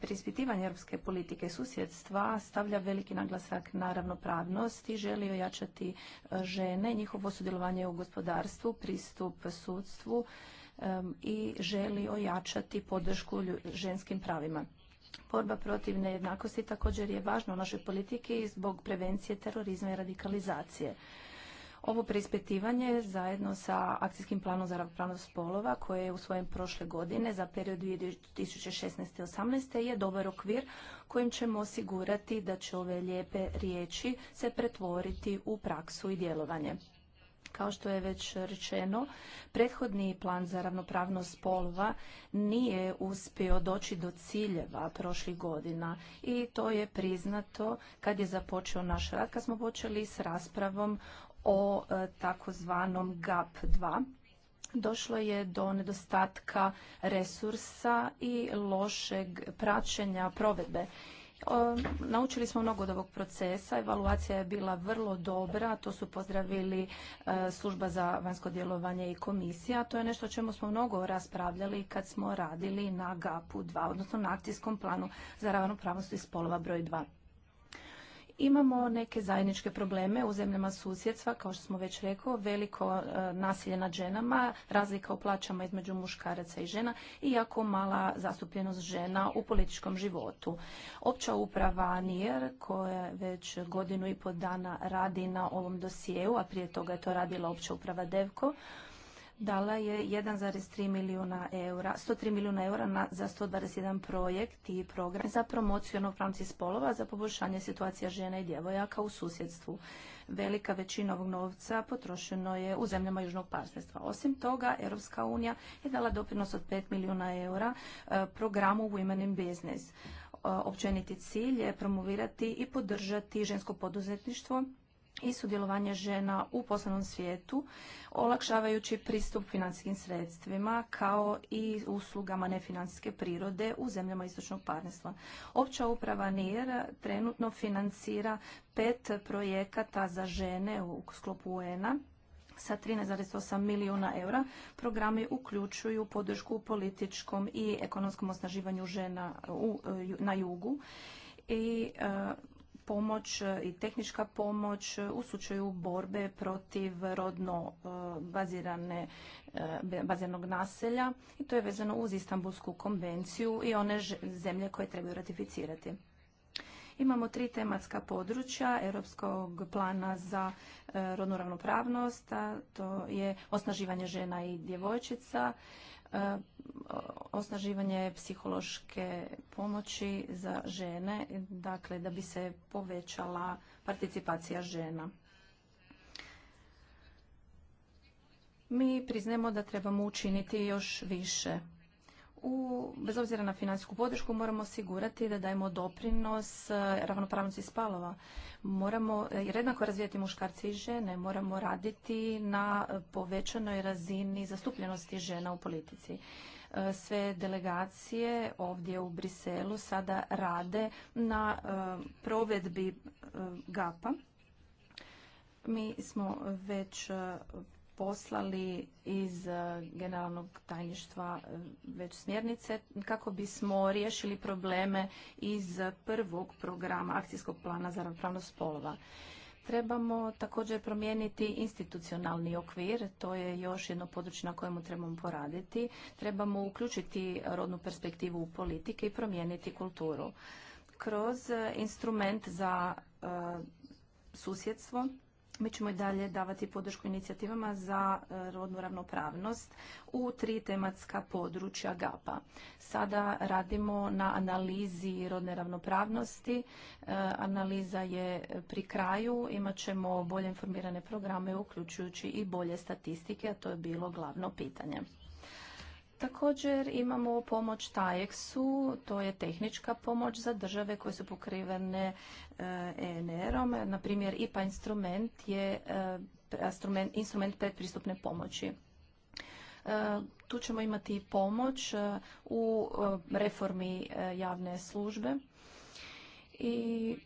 C: preispitivanje europske politike susjedstva stavlja veliki naglasak na ravnopravnost i želi ojačati e, žene, njihovo sudjelovanje u gospodarstvu, pristup sudstvu e, i želi ojačati podršku ženskim pravima. Borba protiv nejednakosti također je važna u našoj politiki zbog prevencije terorizma i radikalizacije. Ovo preispitivanje zajedno sa akcijskim planom za ravnopravnost spolova koje je svojem prošle godine za period 2016. i 2018. je dobar okvir kojim ćemo osigurati da će ove lijepe riječi se pretvoriti u praksu i djelovanje. Kao što je već rečeno, prethodni plan za ravnopravnost spolova nije uspio doći do ciljeva prošlih godina i to je priznato kad je započeo naš rad, kad smo počeli s raspravom o e, takozvanom GAP 2 došlo je do nedostatka resursa i lošeg praćenja provedbe Naučili smo mnogo od ovog procesa, evaluacija je bila vrlo dobra, to su pozdravili e, služba za vanjsko djelovanje i komisija. To je nešto o čemu smo mnogo raspravljali kad smo radili na GAP-u 2, odnosno na akcijskom planu za ravnopravnost i spolova broj 2. Imamo neke zajedničke probleme u zemljama susjedstva, kao što smo već rekao, veliko e, nasilje nad ženama, razlika u plaćama između muškaraca i žena i jako mala zastupljenost žena u političkom životu. Opća uprava NIR, koja već godinu i pol dana radi na ovom dosijeu, a prije toga je to radila opća uprava DEVKO, dala je 1,3 milijuna eura, 103 milijuna eura na, za 121 projekt i program za promociju ravnopravnosti spolova za poboljšanje situacija žena i djevojaka u susjedstvu. Velika većina ovog novca potrošeno je u zemljama južnog partnerstva. Osim toga, Europska unija je dala doprinos od 5 milijuna eura e, programu Women in Business. Općeniti cilj je promovirati i podržati žensko poduzetništvo i sudjelovanje žena u poslovnom svijetu, olakšavajući pristup financijskim sredstvima kao i uslugama nefinancijske prirode u zemljama istočnog partnerstva. Opća uprava NIR trenutno financira pet projekata za žene u sklopu UN-a sa 13,8 milijuna eura. Programi uključuju podršku u političkom i ekonomskom osnaživanju žena na jugu i e, pomoć e, i tehnička pomoć e, u slučaju borbe protiv rodno e, bazirane, baziranog naselja i to je vezano uz Istanbulsku konvenciju i one zemlje koje trebaju ratificirati. Imamo tri tematska područja Europskog plana za rodnu ravnopravnost, to je osnaživanje žena i djevojčica, E, osnaživanje psihološke pomoći za žene, dakle da bi se povećala participacija žena. Mi priznemo da trebamo učiniti još više u, bez obzira na financijsku podršku moramo osigurati da dajemo doprinos e, ravnopravnosti spalova. Moramo e, jednako razvijati muškarce i žene, moramo raditi na e, povećanoj razini zastupljenosti žena u politici sve delegacije ovdje u Briselu sada rade na provedbi GAPA. Mi smo već poslali iz eh, generalnog tajništva eh, već smjernice kako bismo riješili probleme iz prvog programa akcijskog plana za ravnopravnost spolova. Trebamo također promijeniti institucionalni okvir, to je još jedno područje na kojemu trebamo poraditi. Trebamo uključiti rodnu perspektivu u politike i promijeniti kulturu. Kroz eh, instrument za susjedstvo mi ćemo i dalje davati podršku inicijativama za e, rodnu ravnopravnost u tri tematska područja GAPA. Sada radimo na analizi rodne ravnopravnosti. E, analiza je pri kraju. ćemo bolje informirane programe uključujući i bolje statistike, a to je bilo glavno pitanje. Također imamo pomoć TAEX-u, to je tehnička pomoć za države koje su pokrivene ENR-om. E Naprimjer, IPA instrument je e, instrument predpristupne pomoći. E, tu ćemo imati pomoć u reformi javne službe i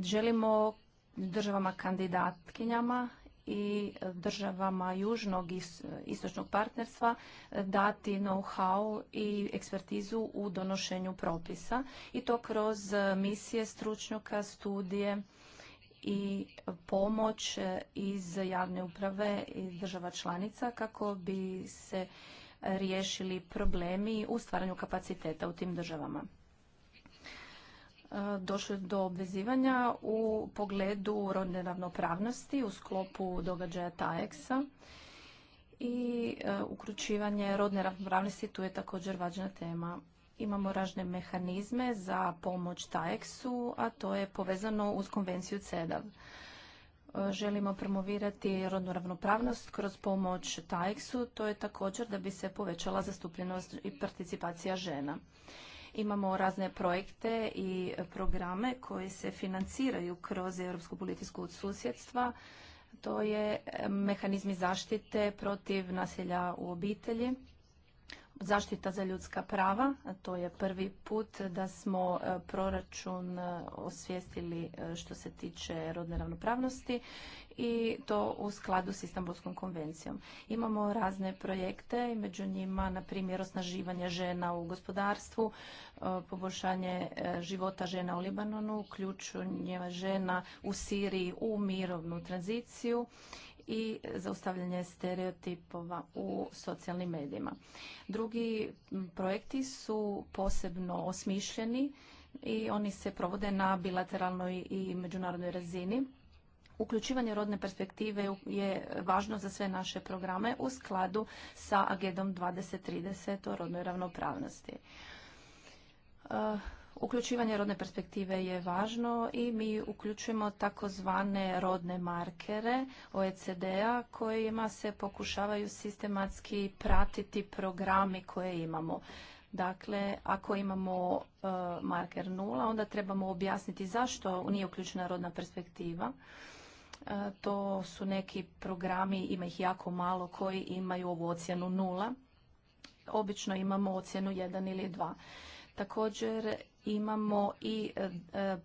C: želimo državama kandidatkinjama i državama južnog i istočnog partnerstva e, dati know-how i ekspertizu u donošenju propisa i to kroz e, misije stručnjaka, studije i pomoć e, iz javne uprave i država članica kako bi se riješili problemi u stvaranju kapaciteta u tim državama. E, došlo do obvezivanja u pogledu rodne ravnopravnosti u sklopu događaja TAEX-a i e, ukručivanje rodne ravnopravnosti tu je također važna tema. Imamo ražne mehanizme za pomoć TAEX-u, a to je povezano uz konvenciju CEDAV. E, želimo promovirati rodnu ravnopravnost kroz pomoć TAEX-u, to je također da bi se povećala zastupljenost i participacija žena. Imamo razne projekte i programe koji se financiraju kroz Europsku od susjedstva. To je mehanizmi zaštite protiv nasilja u obitelji zaštita za ljudska prava. To je prvi put da smo e, proračun e, osvijestili e, što se tiče rodne ravnopravnosti i to u skladu s Istanbulskom konvencijom. Imamo razne projekte i među njima, na primjer, osnaživanje žena u gospodarstvu, poboljšanje života žena u Libanonu, uključenje žena u Siriji u mirovnu tranziciju i zaustavljanje stereotipova u socijalnim medijima. Drugi projekti su posebno osmišljeni i oni se provode na bilateralnoj i međunarodnoj razini. Uključivanje rodne perspektive je važno za sve naše programe u skladu sa Agedom 2030 o rodnoj ravnopravnosti. Uključivanje rodne perspektive je važno i mi uključujemo takozvane rodne markere OECD-a kojima se pokušavaju sistematski pratiti programi koje imamo. Dakle, ako imamo e, marker nula, onda trebamo objasniti zašto nije uključena rodna perspektiva. E, to su neki programi, ima ih jako malo, koji imaju ovu ocjenu nula. Obično imamo ocjenu jedan ili dva. Također imamo i e,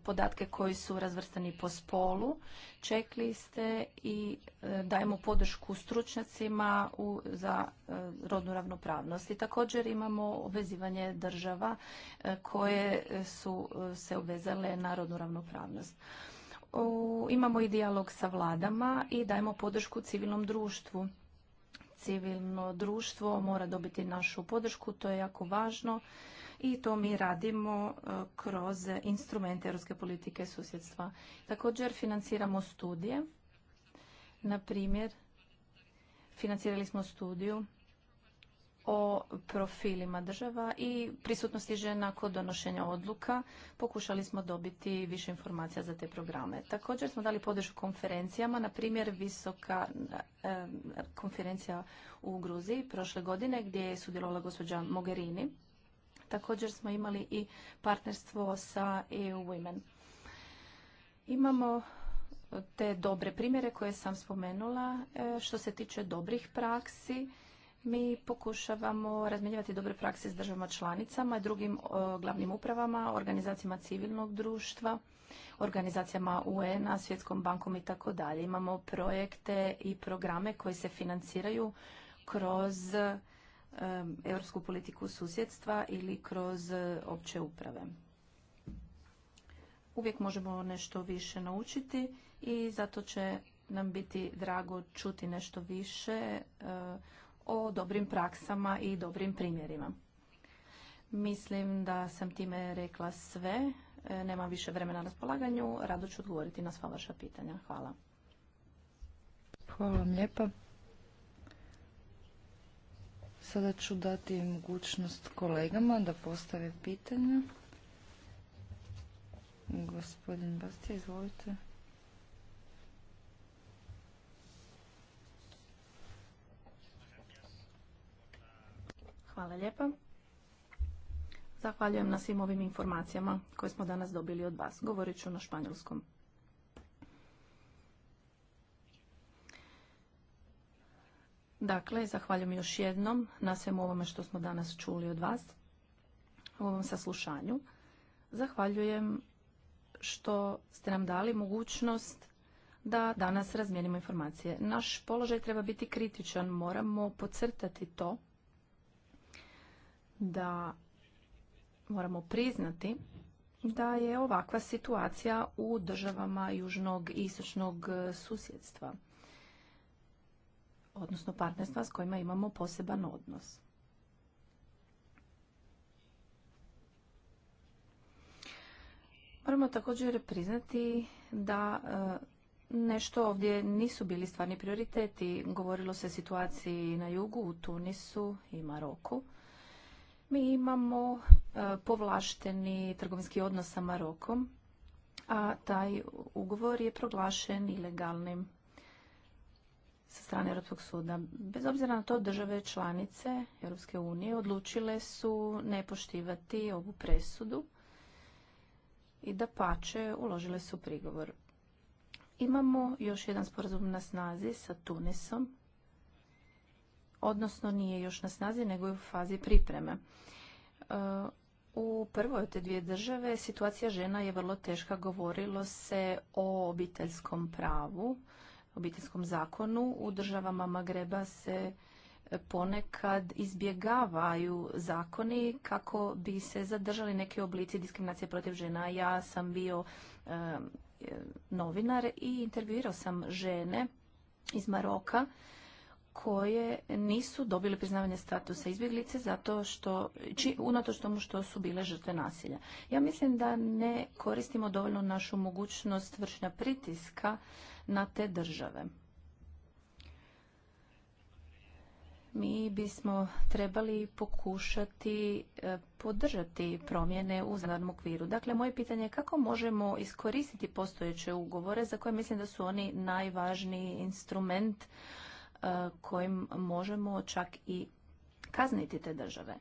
C: podatke koji su razvrstani po spolu. čekliste i e, dajemo podršku stručnjacima za e, rodnu ravnopravnost. I također imamo obvezivanje država koje su se obvezale na rodnu ravnopravnost. imamo i dijalog sa vladama i dajemo podršku civilnom društvu. Civilno društvo mora dobiti našu podršku, to je jako važno i to mi radimo e, kroz instrumente europske politike susjedstva. Također financiramo studije. Na primjer, financirali smo studiju o profilima država i prisutnosti žena kod donošenja odluka. Pokušali smo dobiti više informacija za te programe. Također smo dali podršku konferencijama, na primjer visoka e, konferencija u Gruziji prošle godine gdje je sudjelovala gospođa Mogherini Također smo imali i partnerstvo sa EU Women. Imamo e, te dobre primjere koje sam spomenula. E, što se tiče dobrih praksi, mi pokušavamo razmjenjivati dobre prakse s državama članicama i drugim e, glavnim upravama, organizacijama civilnog društva, organizacijama UN-a, Svjetskom bankom i tako dalje. Imamo projekte i programe koji se financiraju kroz europsku politiku susjedstva ili kroz e, opće uprave. Uvijek možemo nešto više naučiti i zato će nam biti drago čuti nešto više e, o dobrim praksama i dobrim primjerima. Mislim da sam time rekla sve. E, Nema više vremena na raspolaganju. Rado ću odgovoriti na sva vaša pitanja. Hvala.
B: Hvala vam lijepa. Sada ću dati mogućnost kolegama da postave pitanja. Gospodin Bastija, izvolite. Hvala
C: lijepa. Zahvaljujem na svim ovim informacijama koje smo danas dobili od vas. Govorit ću na španjolskom. Dakle, zahvaljujem još jednom na svemu ovome što smo danas čuli od vas u ovom saslušanju. Zahvaljujem što ste nam dali mogućnost da danas razmijenimo informacije. Naš položaj treba biti kritičan, moramo podcrtati to da moramo priznati da je ovakva situacija u državama južnog i istočnog susjedstva odnosno partnerstva s kojima imamo poseban odnos. Moramo također priznati da e, nešto ovdje nisu bili stvarni prioriteti. Govorilo se o situaciji na jugu, u Tunisu i Maroku. Mi imamo e, povlašteni trgovinski odnos sa Marokom, a taj ugovor je proglašen ilegalnim sa strane Europskog suda. Bez obzira na to države članice Europske unije odlučile su ne poštivati ovu presudu i da pače uložile su prigovor. Imamo još jedan sporazum na snazi sa Tunisom, odnosno nije još na snazi nego je u fazi pripreme. E, u prvoj od te dvije države situacija žena je vrlo teška, govorilo se o obiteljskom pravu, obiteljskom zakonu u državama Magreba se e, ponekad izbjegavaju zakoni kako bi se zadržali neki oblici diskriminacije protiv žena. Ja sam bio e, e, novinar i intervjuirao sam žene iz Maroka koje nisu dobile priznavanje statusa izbjeglice zato što, či, unatoč tomu što su bile žrtve nasilja. Ja mislim da ne koristimo dovoljno našu mogućnost vršnja pritiska na te države. mi bismo trebali pokušati e, podržati promjene u zakonodavnom okviru. Dakle, moje pitanje je kako možemo iskoristiti postojeće ugovore za koje mislim da su oni najvažniji instrument E, kojim možemo čak i kazniti te države.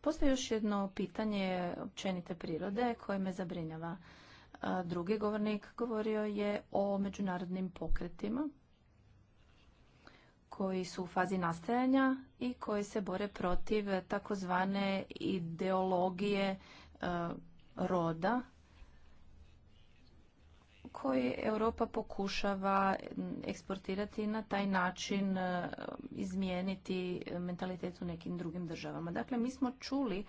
C: Postoji još jedno pitanje općenite prirode koje me zabrinjava. E, drugi govornik govorio je o međunarodnim pokretima koji su u fazi nastajanja i koji se bore protiv takozvane ideologije e, roda koji Europa pokušava eksportirati na taj način e, izmijeniti mentalitet u nekim drugim državama. Dakle, mi smo čuli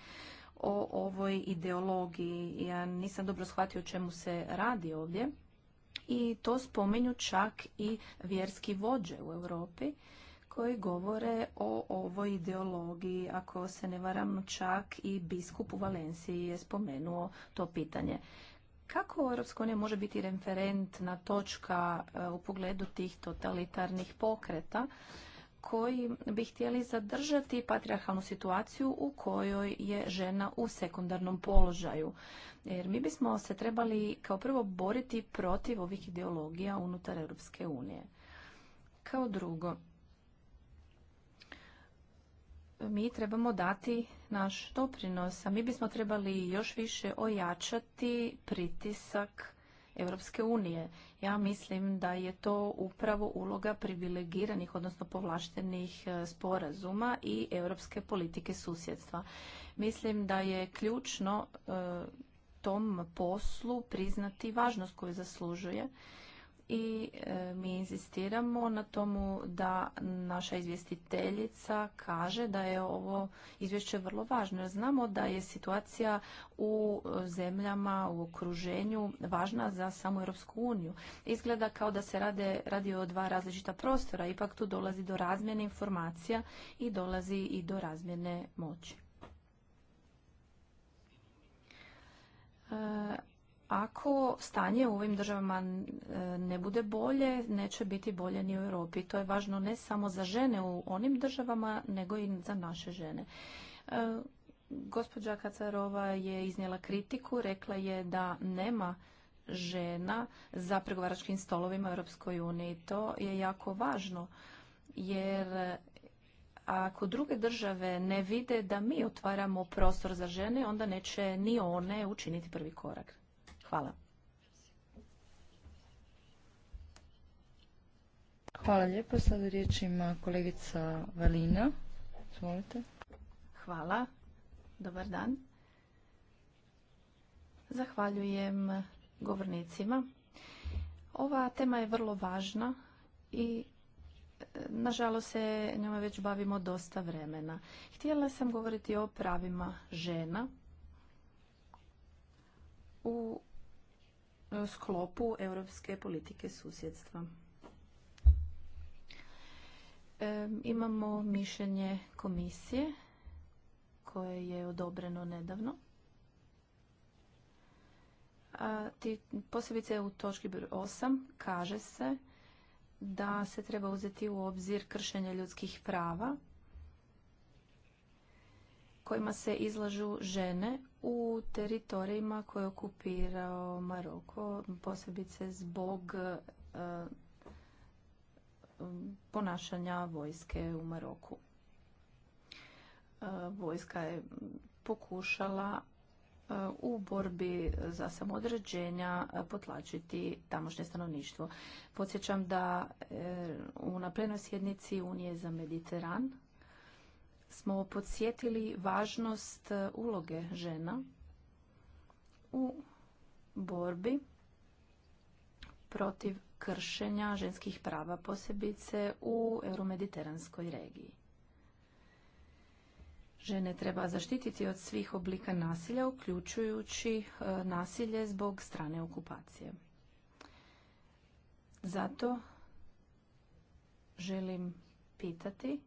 C: o ovoj ideologiji. Ja nisam dobro shvatio o čemu se radi ovdje. I to spominju čak i vjerski vođe u Europi koji govore o ovoj ideologiji. Ako se ne varam, čak i biskup u Valenciji je spomenuo to pitanje. Kako Europska unija može biti referentna točka e, u pogledu tih totalitarnih pokreta koji bi htjeli zadržati patriarhalnu situaciju u kojoj je žena u sekundarnom položaju? Jer mi bismo se trebali kao prvo boriti protiv ovih ideologija unutar Europske unije. Kao drugo, mi trebamo dati naš doprinos, a mi bismo trebali još više ojačati pritisak Europske unije. Ja mislim da je to upravo uloga privilegiranih, odnosno povlaštenih e, sporazuma i europske politike susjedstva. Mislim da je ključno e, tom poslu priznati važnost koju zaslužuje i e, mi insistiramo na tomu da naša izvjestiteljica kaže da je ovo izvješće vrlo važno. znamo da je situacija u zemljama, u okruženju važna za samu Europsku uniju. Izgleda kao da se rade, radi o dva različita prostora, ipak tu dolazi do razmjene informacija i dolazi i do razmjene moći. E, ako stanje u ovim državama e, ne bude bolje, neće biti bolje ni u Europi. To je važno ne samo za žene u onim državama, nego i za naše žene. E, gospođa Kacarova je iznijela kritiku, rekla je da nema žena za pregovaračkim stolovima u Europskoj uniji. To je jako važno jer ako druge države ne vide da mi otvaramo prostor za žene, onda neće ni one učiniti prvi korak. Hvala.
B: Hvala lijepo. Sada riječ ima kolegica Valina. Hvala.
C: Dobar dan. Zahvaljujem govornicima. Ova tema je vrlo važna i e, nažalost se njome već bavimo dosta vremena. Htjela sam govoriti o pravima žena u sklopu europske politike susjedstva. E, imamo mišljenje komisije koje je odobreno nedavno. A posebice u točki 8 kaže se da se treba uzeti u obzir kršenje ljudskih prava kojima se izlažu žene u teritorijima koje je okupirao Maroko, posebice zbog e, ponašanja vojske u Maroku. E, vojska je pokušala e, u borbi za samodređenja potlačiti tamošnje stanovništvo. Podsjećam da u naprednoj sjednici Unije za Mediteran smo podsjetili važnost e, uloge žena u borbi protiv kršenja ženskih prava, posebice u euromediteranskoj regiji. Žene treba zaštititi od svih oblika nasilja, uključujući e, nasilje zbog strane okupacije. Zato želim pitati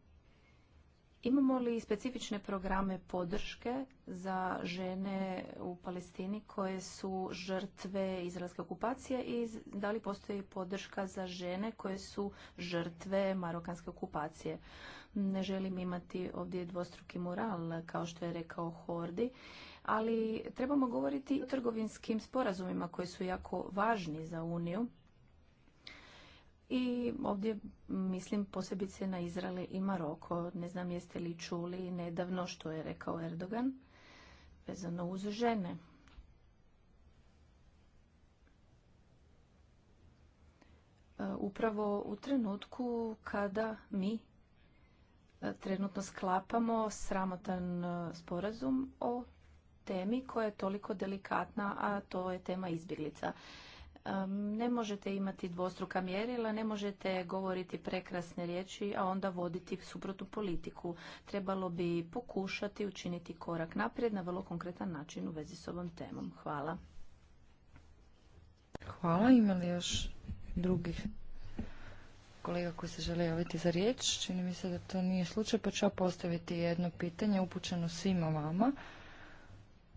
C: Imamo li specifične programe podrške za žene u Palestini koje su žrtve izraelske okupacije i da li postoji podrška za žene koje su žrtve marokanske okupacije? Ne želim imati ovdje dvostruki moral, kao što je rekao Hordi, ali trebamo govoriti o trgovinskim sporazumima koji su jako važni za Uniju i ovdje mislim posebice na Izrael i Maroko. Ne znam jeste li čuli nedavno što je rekao Erdogan vezano uz žene. E, upravo u trenutku kada mi e, trenutno sklapamo sramotan e, sporazum o temi koja je toliko delikatna, a to je tema izbjeglica. Ne možete imati dvostruka mjerila, ne možete govoriti prekrasne riječi, a onda voditi suprotnu politiku. Trebalo bi pokušati učiniti korak naprijed na vrlo konkretan način u vezi s ovom temom. Hvala.
B: Hvala. Ima li još drugih kolega koji se žele javiti za riječ? Čini mi se da to nije slučaj, pa ću ja postaviti jedno pitanje upućeno svima vama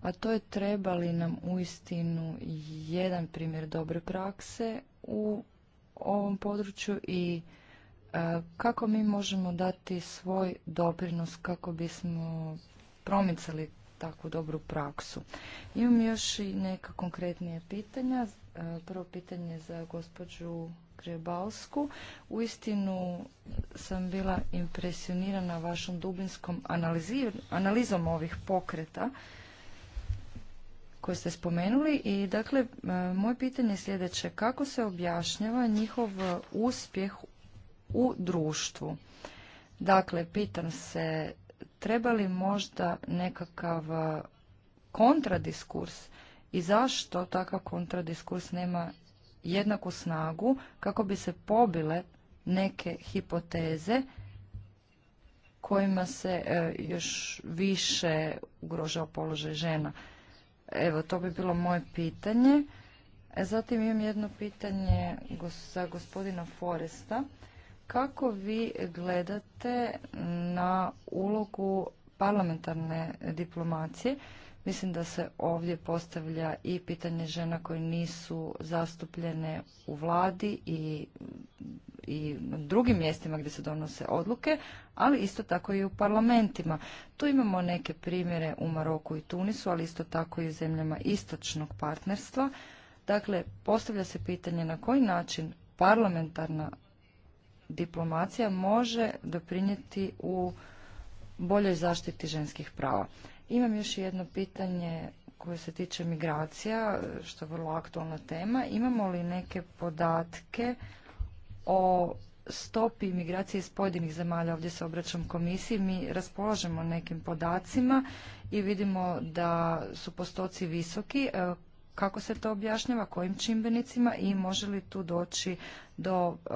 B: a to je treba li nam uistinu jedan primjer dobre prakse u ovom području i e, kako mi možemo dati svoj doprinos kako bismo promicali takvu dobru praksu. Imam još i neka konkretnija pitanja. E, prvo pitanje za gospođu Krebalsku. Uistinu sam bila impresionirana vašom dubinskom analizom ovih pokreta koje ste spomenuli i dakle moje pitanje je sljedeće. Kako se objašnjava njihov uspjeh u društvu? Dakle, pitam se treba li možda nekakav e, kontradiskurs i zašto takav kontradiskurs nema jednaku snagu kako bi se pobile neke hipoteze kojima se e, još više ugrožava položaj žena. Evo, to bi bilo moje pitanje. E, zatim imam jedno pitanje za gospodina Foresta. Kako vi gledate na ulogu parlamentarne diplomacije? Mislim da se ovdje postavlja i pitanje žena koje nisu zastupljene u vladi i i drugim mjestima gdje se donose odluke, ali isto tako i u parlamentima. Tu imamo neke primjere u Maroku i Tunisu, ali isto tako i u zemljama istočnog partnerstva. Dakle, postavlja se pitanje na koji način parlamentarna diplomacija može doprinijeti u boljoj zaštiti ženskih prava. Imam još jedno pitanje koje se tiče migracija, što je vrlo aktualna tema. Imamo li neke podatke o stopi imigracije iz pojedinih zemalja, ovdje se obraćam komisiji, mi raspolažemo nekim podacima i vidimo da su postoci visoki. E, kako se to objašnjava, kojim čimbenicima i može li tu doći do e,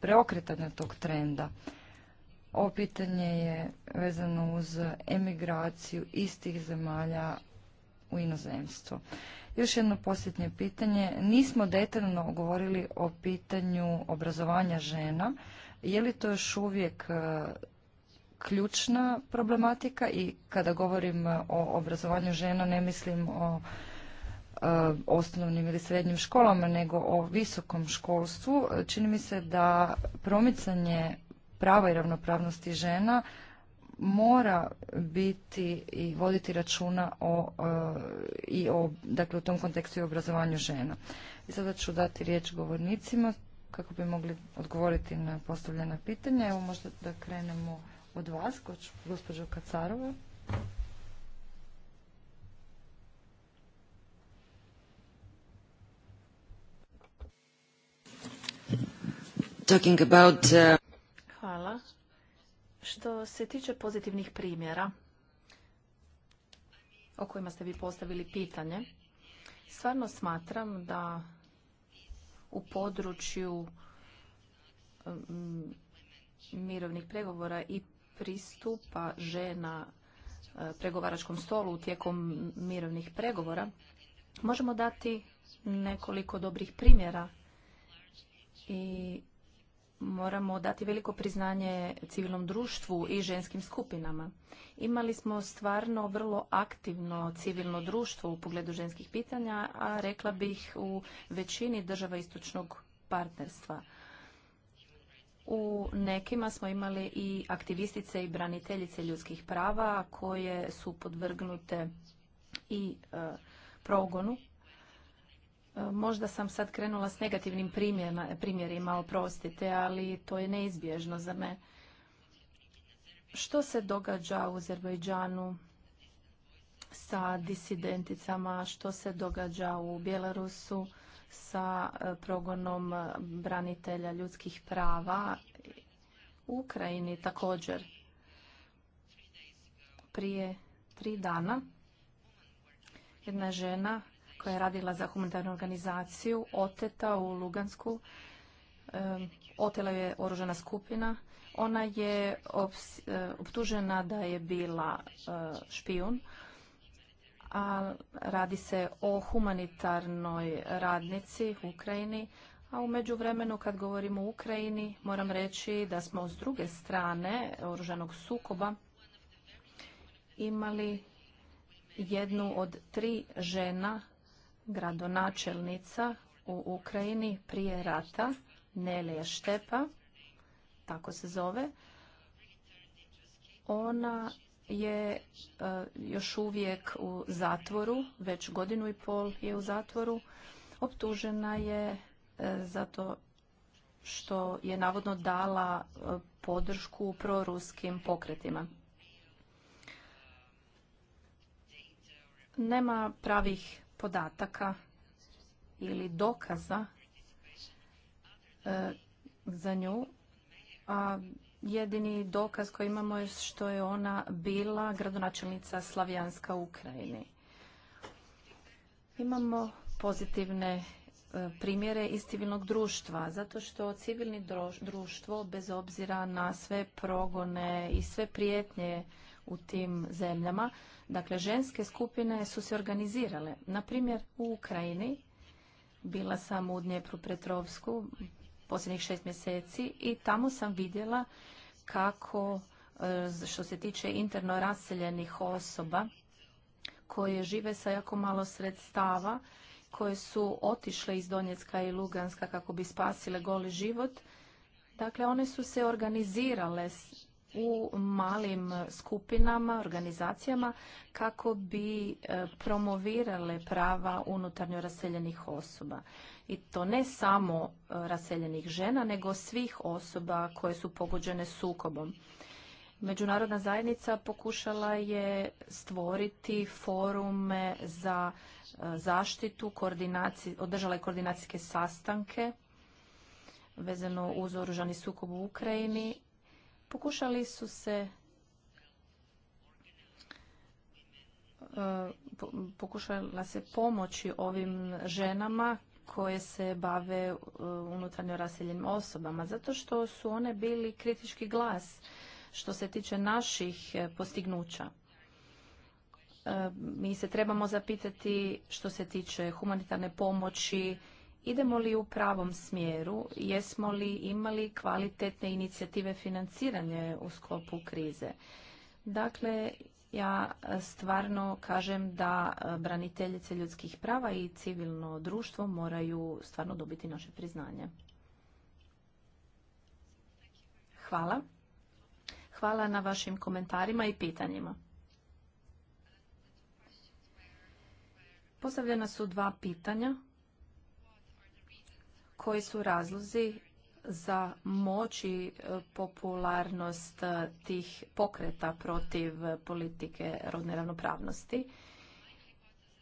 B: preokretanja tog trenda? Ovo pitanje je vezano uz emigraciju istih zemalja u inozemstvo. Još jedno posljednje pitanje. Nismo detaljno govorili o pitanju obrazovanja žena. Je li to još uvijek e, ključna problematika i kada govorim e, o obrazovanju žena ne mislim o e, osnovnim ili srednjim školama, nego o visokom školstvu. Čini mi se da promicanje prava i ravnopravnosti žena mora biti i voditi računa o, e, i o, dakle u tom kontekstu i obrazovanju žena. I sada ću dati riječ govornicima kako bi mogli odgovoriti na postavljena pitanja. Evo možda da krenemo od vas, gospođo Kacarova. Talking about, uh,
C: Hvala. Što se tiče pozitivnih primjera o kojima ste vi postavili pitanje, stvarno smatram da u području mm, mirovnih pregovora i pristupa žena e, pregovaračkom stolu tijekom mirovnih pregovora, možemo dati nekoliko dobrih primjera i moramo dati veliko priznanje civilnom društvu i ženskim skupinama. Imali smo stvarno vrlo aktivno civilno društvo u pogledu ženskih pitanja, a rekla bih u većini država istočnog partnerstva. U nekima smo imali i aktivistice i braniteljice ljudskih prava koje su podvrgnute i e, progonu E, možda sam sad krenula s negativnim primjerima, oprostite, ali to je neizbježno za me. Što se događa u Azerbajdžanu sa disidenticama, što se događa u Bjelarusu sa e, progonom e, branitelja ljudskih prava, u Ukrajini također. Prije tri dana jedna žena koja je radila za humanitarnu organizaciju, oteta u Lugansku. otela je oružana skupina. Ona je e, optužena da je bila e, špijun, a radi se o humanitarnoj radnici u Ukrajini. A u vremenu kad govorimo o Ukrajini moram reći da smo s druge strane oružanog sukoba imali jednu od tri žena gradonačelnica u Ukrajini prije rata, Nelija Štepa, tako se zove. Ona je e, još uvijek u zatvoru, već godinu i pol je u zatvoru. Optužena je e, zato što je navodno dala e, podršku proruskim pokretima. Nema pravih podataka ili dokaza e, za nju, a jedini dokaz koji imamo je što je ona bila gradonačelnica Slavijanska u Ukrajini. Imamo pozitivne e, primjere iz civilnog društva, zato što civilni društvo, bez obzira na sve progone i sve prijetnje u tim zemljama, Dakle, ženske skupine su se organizirale. Na primjer, u Ukrajini bila sam u Dnjepru Petrovsku posljednjih šest mjeseci i tamo sam vidjela kako e, što se tiče interno raseljenih osoba koje žive sa jako malo sredstava, koje su otišle iz Donjecka i Luganska kako bi spasile goli život. Dakle, one su se organizirale u malim skupinama, organizacijama kako bi e, promovirale prava unutarnjo raseljenih osoba. I to ne samo e, raseljenih žena, nego svih osoba koje su pogođene sukobom. Međunarodna zajednica pokušala je stvoriti forume za e, zaštitu, održala je koordinacijske sastanke vezano uz oružani sukob u Ukrajini Pokušali su se e, pokušala se pomoći ovim ženama koje se bave e, unutarnjo raseljenim osobama, zato što su one bili kritički glas što se tiče naših e, postignuća. Mi se trebamo zapitati što se tiče humanitarne pomoći, idemo li u pravom smjeru, jesmo li imali kvalitetne inicijative financiranje u sklopu krize. Dakle, ja stvarno kažem da braniteljice ljudskih prava i civilno društvo moraju stvarno dobiti naše priznanje. Hvala. Hvala na vašim komentarima i pitanjima. Postavljena su dva pitanja koji su razlozi za moći e, popularnost e, tih pokreta protiv politike rodne ravnopravnosti.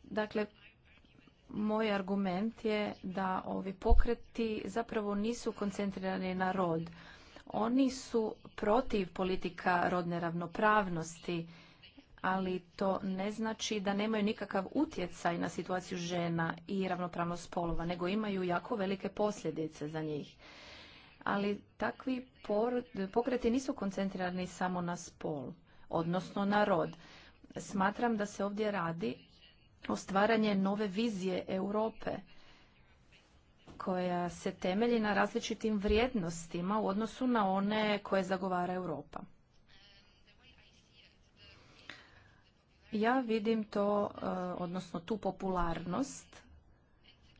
C: Dakle, moj argument je da ovi pokreti zapravo nisu koncentrirani na rod. Oni su protiv politika rodne ravnopravnosti ali to ne znači da nemaju nikakav utjecaj na situaciju žena i ravnopravnost spolova, nego imaju jako velike posljedice za njih. Ali takvi pokreti nisu koncentrirani samo na spol, odnosno na rod. Smatram da se ovdje radi o stvaranje nove vizije Europe koja se temelji na različitim vrijednostima u odnosu na one koje zagovara Europa. Ja vidim to, e, odnosno tu popularnost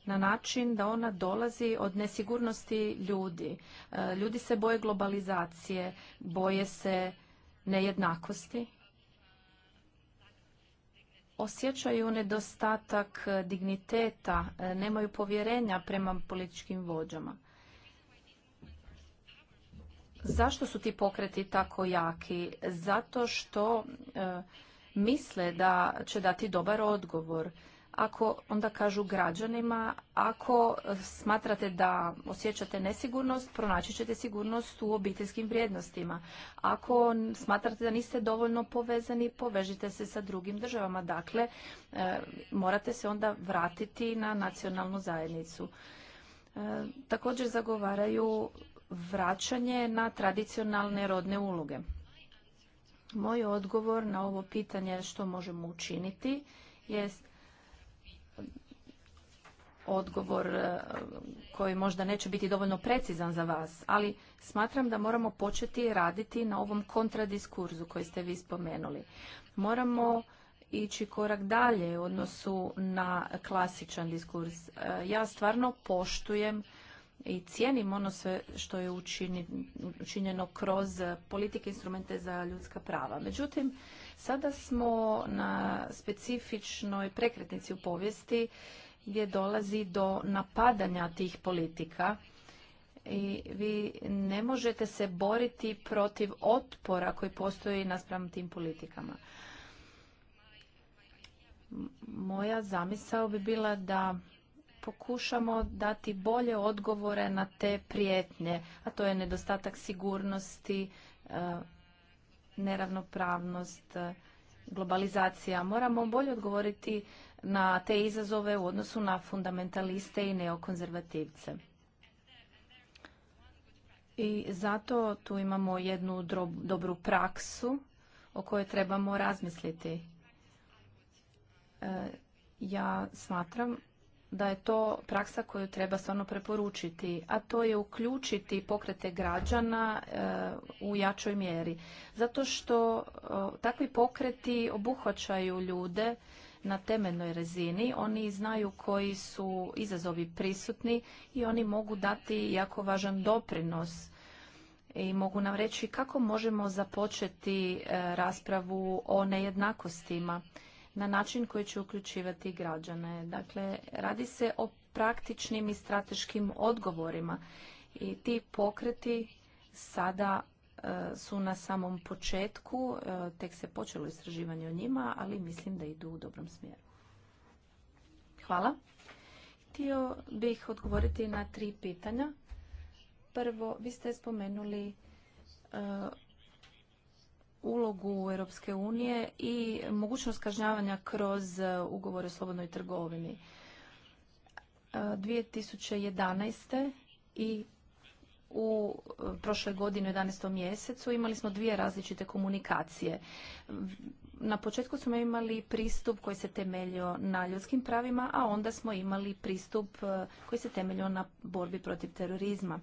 C: na način da ona dolazi od nesigurnosti ljudi. E, ljudi se boje globalizacije, boje se nejednakosti. Osjećaju nedostatak e, digniteta, nemaju povjerenja prema političkim vođama. Zašto su ti pokreti tako jaki? Zato što misle da će dati dobar odgovor. Ako onda kažu građanima, ako smatrate da osjećate nesigurnost, pronaći ćete sigurnost u obiteljskim vrijednostima. Ako smatrate da niste dovoljno povezani, povežite se sa drugim državama. Dakle, e, morate se onda vratiti na nacionalnu zajednicu. E, također zagovaraju vraćanje na tradicionalne rodne uloge. Moj odgovor na ovo pitanje što možemo učiniti jest odgovor e, koji možda neće biti dovoljno precizan za vas, ali smatram da moramo početi raditi na ovom kontradiskurzu koji ste vi spomenuli. Moramo ići korak dalje u odnosu na klasičan diskurs. E, ja stvarno poštujem i cijenim ono sve što je učinjeno kroz politike instrumente za ljudska prava. Međutim, sada smo na specifičnoj prekretnici u povijesti gdje dolazi do napadanja tih politika i vi ne možete se boriti protiv otpora koji postoji naspram tim politikama. Moja zamisao bi bila da pokušamo dati bolje odgovore na te prijetnje, a to je nedostatak sigurnosti, e, neravnopravnost, e, globalizacija. Moramo bolje odgovoriti na te izazove u odnosu na fundamentaliste i neokonzervativce. I zato tu imamo jednu dobru praksu o kojoj trebamo razmisliti. E, ja smatram da je to praksa koju treba stvarno preporučiti, a to je uključiti pokrete građana e, u jačoj mjeri. Zato što e, takvi pokreti obuhvaćaju ljude na temeljnoj razini, oni znaju koji su izazovi prisutni i oni mogu dati jako važan doprinos i mogu nam reći kako možemo započeti e, raspravu o nejednakostima na način koji će uključivati građane. Dakle, radi se o praktičnim i strateškim odgovorima i ti pokreti sada e, su na samom početku, e, tek se počelo istraživanje o njima, ali mislim da idu u dobrom smjeru. Hvala. Htio bih odgovoriti na tri pitanja. Prvo, vi ste spomenuli e, ulogu Europske unije i mogućnost kažnjavanja kroz e, ugovore o slobodnoj trgovini. 2011. E, i u e, prošloj godini u 11. mjesecu imali smo dvije različite komunikacije. Na početku smo imali pristup koji se temeljio na ljudskim pravima, a onda smo imali pristup koji se temeljio na borbi protiv terorizma.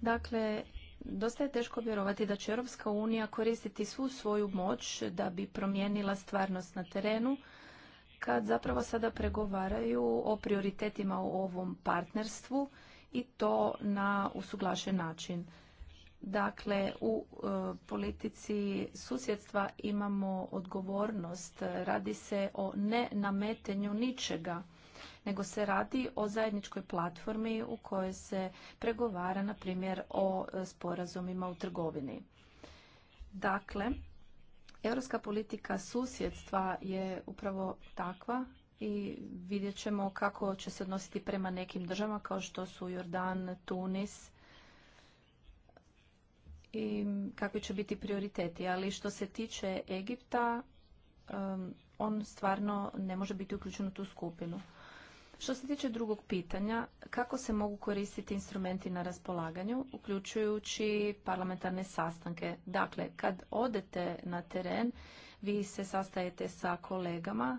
C: Dakle, Dosta je teško vjerovati da će Europska unija koristiti svu svoju moć da bi promijenila stvarnost na terenu, kad zapravo sada pregovaraju o prioritetima u ovom partnerstvu i to na usuglašen način. Dakle, u e, politici susjedstva imamo odgovornost. Radi se o nenametenju ničega nego se radi o zajedničkoj platformi u kojoj se pregovara, na primjer, o e, sporazumima u trgovini. Dakle, europska politika susjedstva je upravo takva i vidjet ćemo kako će se odnositi prema nekim državama kao što su Jordan, Tunis i kakvi će biti prioriteti. Ali što se tiče Egipta, on stvarno ne može biti uključen u tu skupinu. Što se tiče drugog pitanja, kako se mogu koristiti instrumenti na raspolaganju, uključujući parlamentarne sastanke? Dakle, kad odete na teren, vi se sastajete sa kolegama,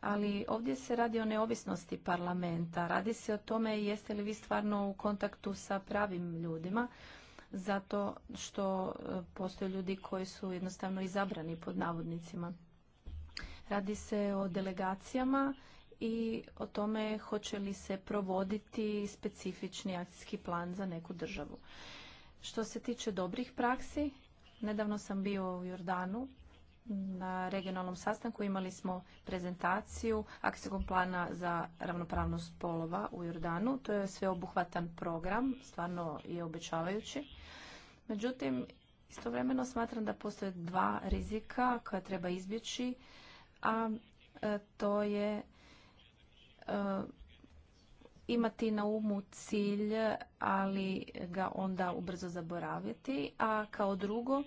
C: ali ovdje se radi o neovisnosti parlamenta. Radi se o tome jeste li vi stvarno u kontaktu sa pravim ljudima, zato što e, postoje ljudi koji su jednostavno izabrani pod navodnicima. Radi se o delegacijama i o tome hoće li se provoditi specifični akcijski plan za neku državu. Što se tiče dobrih praksi, nedavno sam bio u Jordanu na regionalnom sastanku imali smo prezentaciju akcijskog plana za ravnopravnost polova u Jordanu. To je sveobuhvatan program, stvarno je obećavajući. Međutim, istovremeno smatram da postoje dva rizika koja treba izbjeći, a e, to je E, imati na umu cilj, ali ga onda ubrzo zaboraviti. A kao drugo,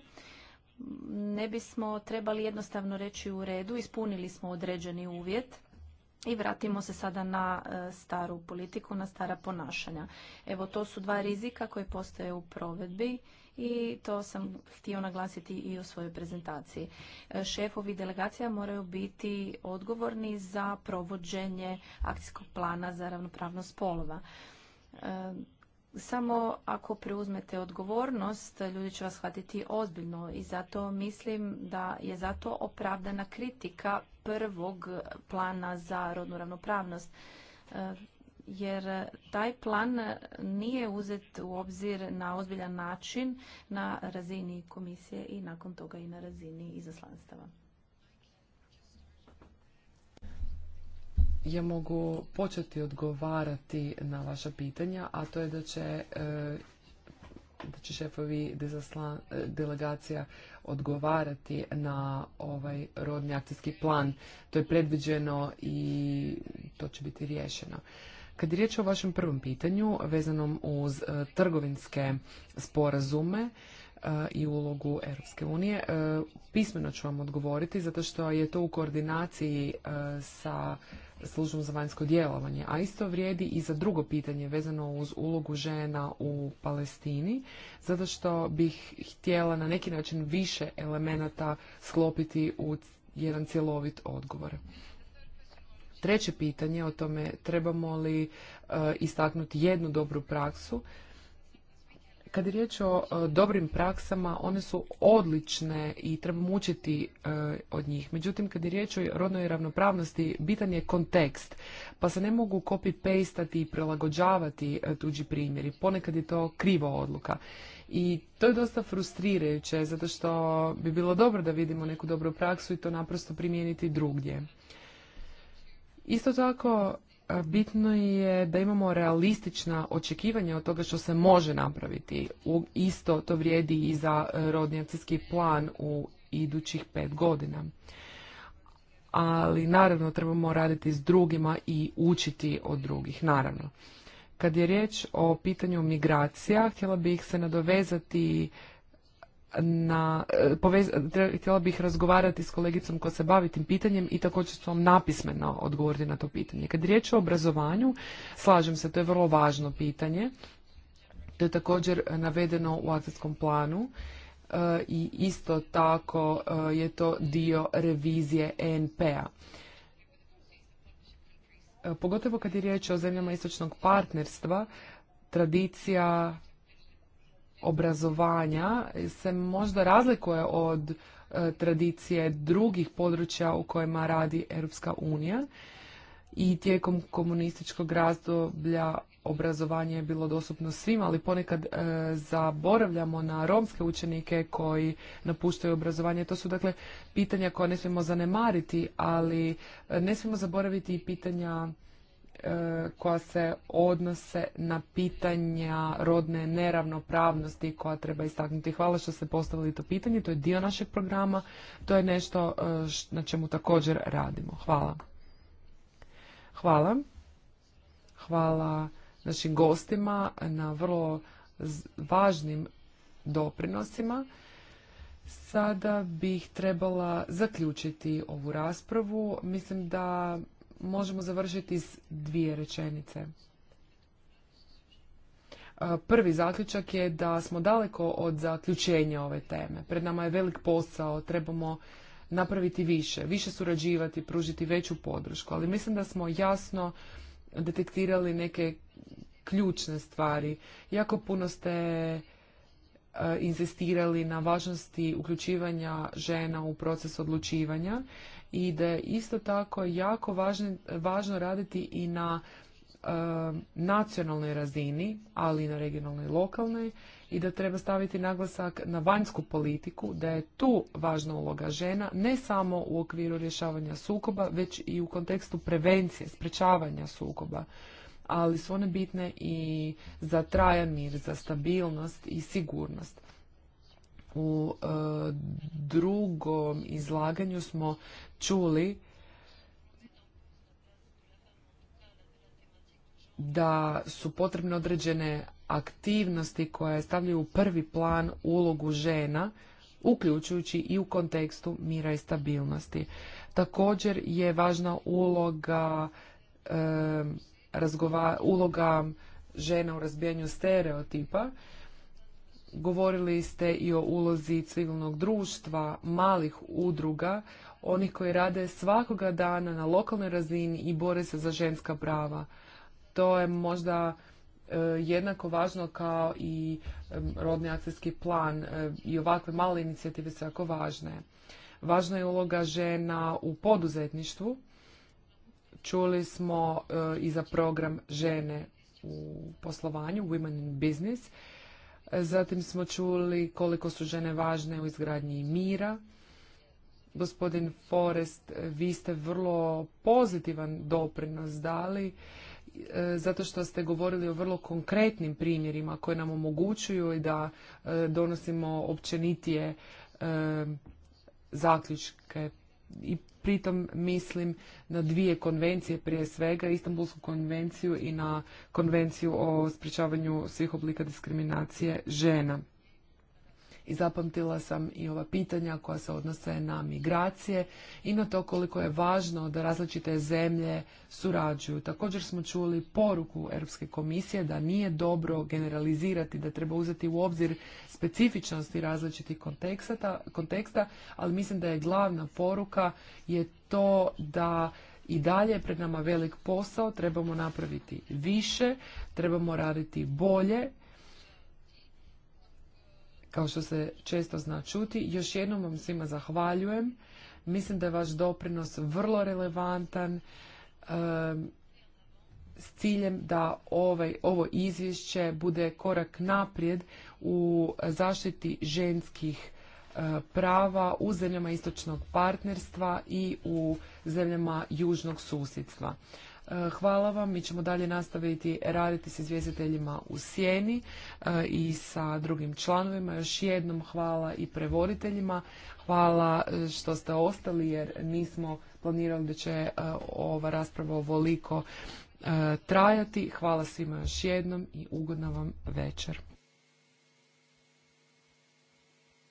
C: ne bismo trebali jednostavno reći u redu, ispunili smo određeni uvjet i vratimo se sada na e, staru politiku, na stara ponašanja. Evo, to su dva rizika koje postoje u provedbi i to sam htio naglasiti i u svojoj prezentaciji. E, šefovi delegacija moraju biti odgovorni za provođenje akcijskog plana za ravnopravnost spolova. E, samo ako preuzmete odgovornost, ljudi će vas shvatiti ozbiljno i zato mislim da je zato opravdana kritika prvog plana za rodnu ravnopravnost. E, jer e, taj plan nije uzet u obzir na ozbiljan način na razini komisije i nakon toga i na razini izaslanstava.
A: Ja mogu početi odgovarati na vaša pitanja, a to je da će e, da će šefovi e, delegacija odgovarati na ovaj rodni akcijski plan. To je predviđeno i to će biti riješeno. Kad je riječ o vašem prvom pitanju vezanom uz e, trgovinske sporazume, e, i ulogu Europske unije. E, pismeno ću vam odgovoriti zato što je to u koordinaciji sa službom za vanjsko djelovanje, a isto vrijedi i za drugo pitanje vezano uz ulogu žena u Palestini, zato što bih htjela na neki način više elemenata sklopiti u jedan cjelovit odgovor. Treće pitanje o tome trebamo li e, istaknuti jednu dobru praksu. Kad je riječ o e, dobrim praksama, one su odlične i trebamo učiti e, od njih. Međutim, kad je riječ o rodnoj ravnopravnosti, bitan je kontekst, pa se ne mogu copy-pastati i prilagođavati tuđi primjeri. Ponekad je to kriva odluka. I to je dosta frustrirajuće, zato što bi bilo dobro da vidimo neku dobru praksu i to naprosto primijeniti drugdje. Isto tako, e, bitno je da imamo realistična očekivanja od toga što se može napraviti. U isto to vrijedi i za e, rodnjacijski plan u idućih pet godina. Ali naravno trebamo raditi s drugima i učiti od drugih, naravno. Kad je riječ o pitanju migracija, htjela bih se nadovezati na, e, htjela bih razgovarati s kolegicom koja se bavi tim pitanjem i također ću vam napismeno odgovoriti na to pitanje. Kad je riječ o obrazovanju, slažem se, to je vrlo važno pitanje. To je također navedeno u akcijskom planu e, i isto tako e, je to dio revizije ENP-a. pogotovo kad je riječ o zemljama istočnog partnerstva, tradicija obrazovanja se možda razlikuje od e, tradicije drugih područja u kojima radi Europska unija i tijekom komunističkog razdoblja obrazovanje je bilo dostupno svima, ali ponekad e, zaboravljamo na romske učenike koji napuštaju obrazovanje. To su dakle pitanja koja ne smijemo zanemariti, ali e, ne smijemo zaboraviti i pitanja E, koja se odnose na pitanja rodne neravnopravnosti koja treba istaknuti. Hvala što ste postavili to pitanje, to je dio našeg programa, to je nešto e, na čemu također radimo. Hvala. Hvala. Hvala našim gostima na vrlo važnim doprinosima. Sada bih trebala zaključiti ovu raspravu. Mislim da možemo završiti s dvije rečenice. E, prvi zaključak je da smo daleko od zaključenja ove teme. Pred nama je velik posao, trebamo napraviti više, više surađivati, pružiti veću podršku, ali mislim da smo jasno detektirali neke ključne stvari. Jako puno ste e, inzistirali na važnosti uključivanja žena u proces odlučivanja i da je isto tako jako važno, važno raditi i na e, nacionalnoj razini, ali i na regionalnoj i lokalnoj i da treba staviti naglasak na vanjsku politiku, da je tu važna uloga žena, ne samo u okviru rješavanja sukoba, već i u kontekstu prevencije, sprečavanja sukoba ali su one bitne i za trajan mir, za stabilnost i sigurnost. U e, drugom izlaganju smo čuli da su potrebne određene aktivnosti koje stavljaju u prvi plan ulogu žena, uključujući i u kontekstu mira i stabilnosti. Također je važna uloga e, uloga žena u razbijanju stereotipa Govorili ste i o ulozi civilnog društva, malih udruga, onih koji rade svakoga dana na lokalnoj razini i bore se za ženska prava. To je možda e, jednako važno kao i e, rodni akcijski plan e, i ovakve male inicijative su jako važne. Važna je uloga žena u poduzetništvu. Čuli smo i za program žene u poslovanju, Women in Business, Zatim smo čuli koliko su žene važne u izgradnji mira. Gospodin Forest, vi ste vrlo pozitivan doprinos dali e, zato što ste govorili o vrlo konkretnim primjerima koje nam omogućuju i da e, donosimo općenitije e, zaključke i pritom mislim na dvije konvencije prije svega, Istanbulsku konvenciju i na konvenciju o sprječavanju svih oblika diskriminacije žena i zapamtila sam i ova pitanja koja se odnose na migracije i na to koliko je važno da različite zemlje surađuju. Također smo čuli poruku Europske komisije da nije dobro generalizirati, da treba uzeti u obzir specifičnosti različitih konteksta, konteksta ali mislim da je glavna poruka je to da i dalje je pred nama velik posao, trebamo napraviti više, trebamo raditi bolje kao što se često zna čuti. Još jednom vam svima zahvaljujem. Mislim da je vaš doprinos vrlo relevantan s ciljem da ovaj, ovo izvješće bude korak naprijed u zaštiti ženskih e, prava u zemljama istočnog partnerstva i u zemljama južnog susjedstva. E, hvala vam. Mi ćemo dalje nastaviti raditi s izvjestiteljima u sjeni e, i sa drugim članovima. Još jednom hvala i prevoditeljima. Hvala e, što ste ostali jer nismo planirali da će ova rasprava ovoliko trajati. Hvala svima još jednom i ugodna vam večer.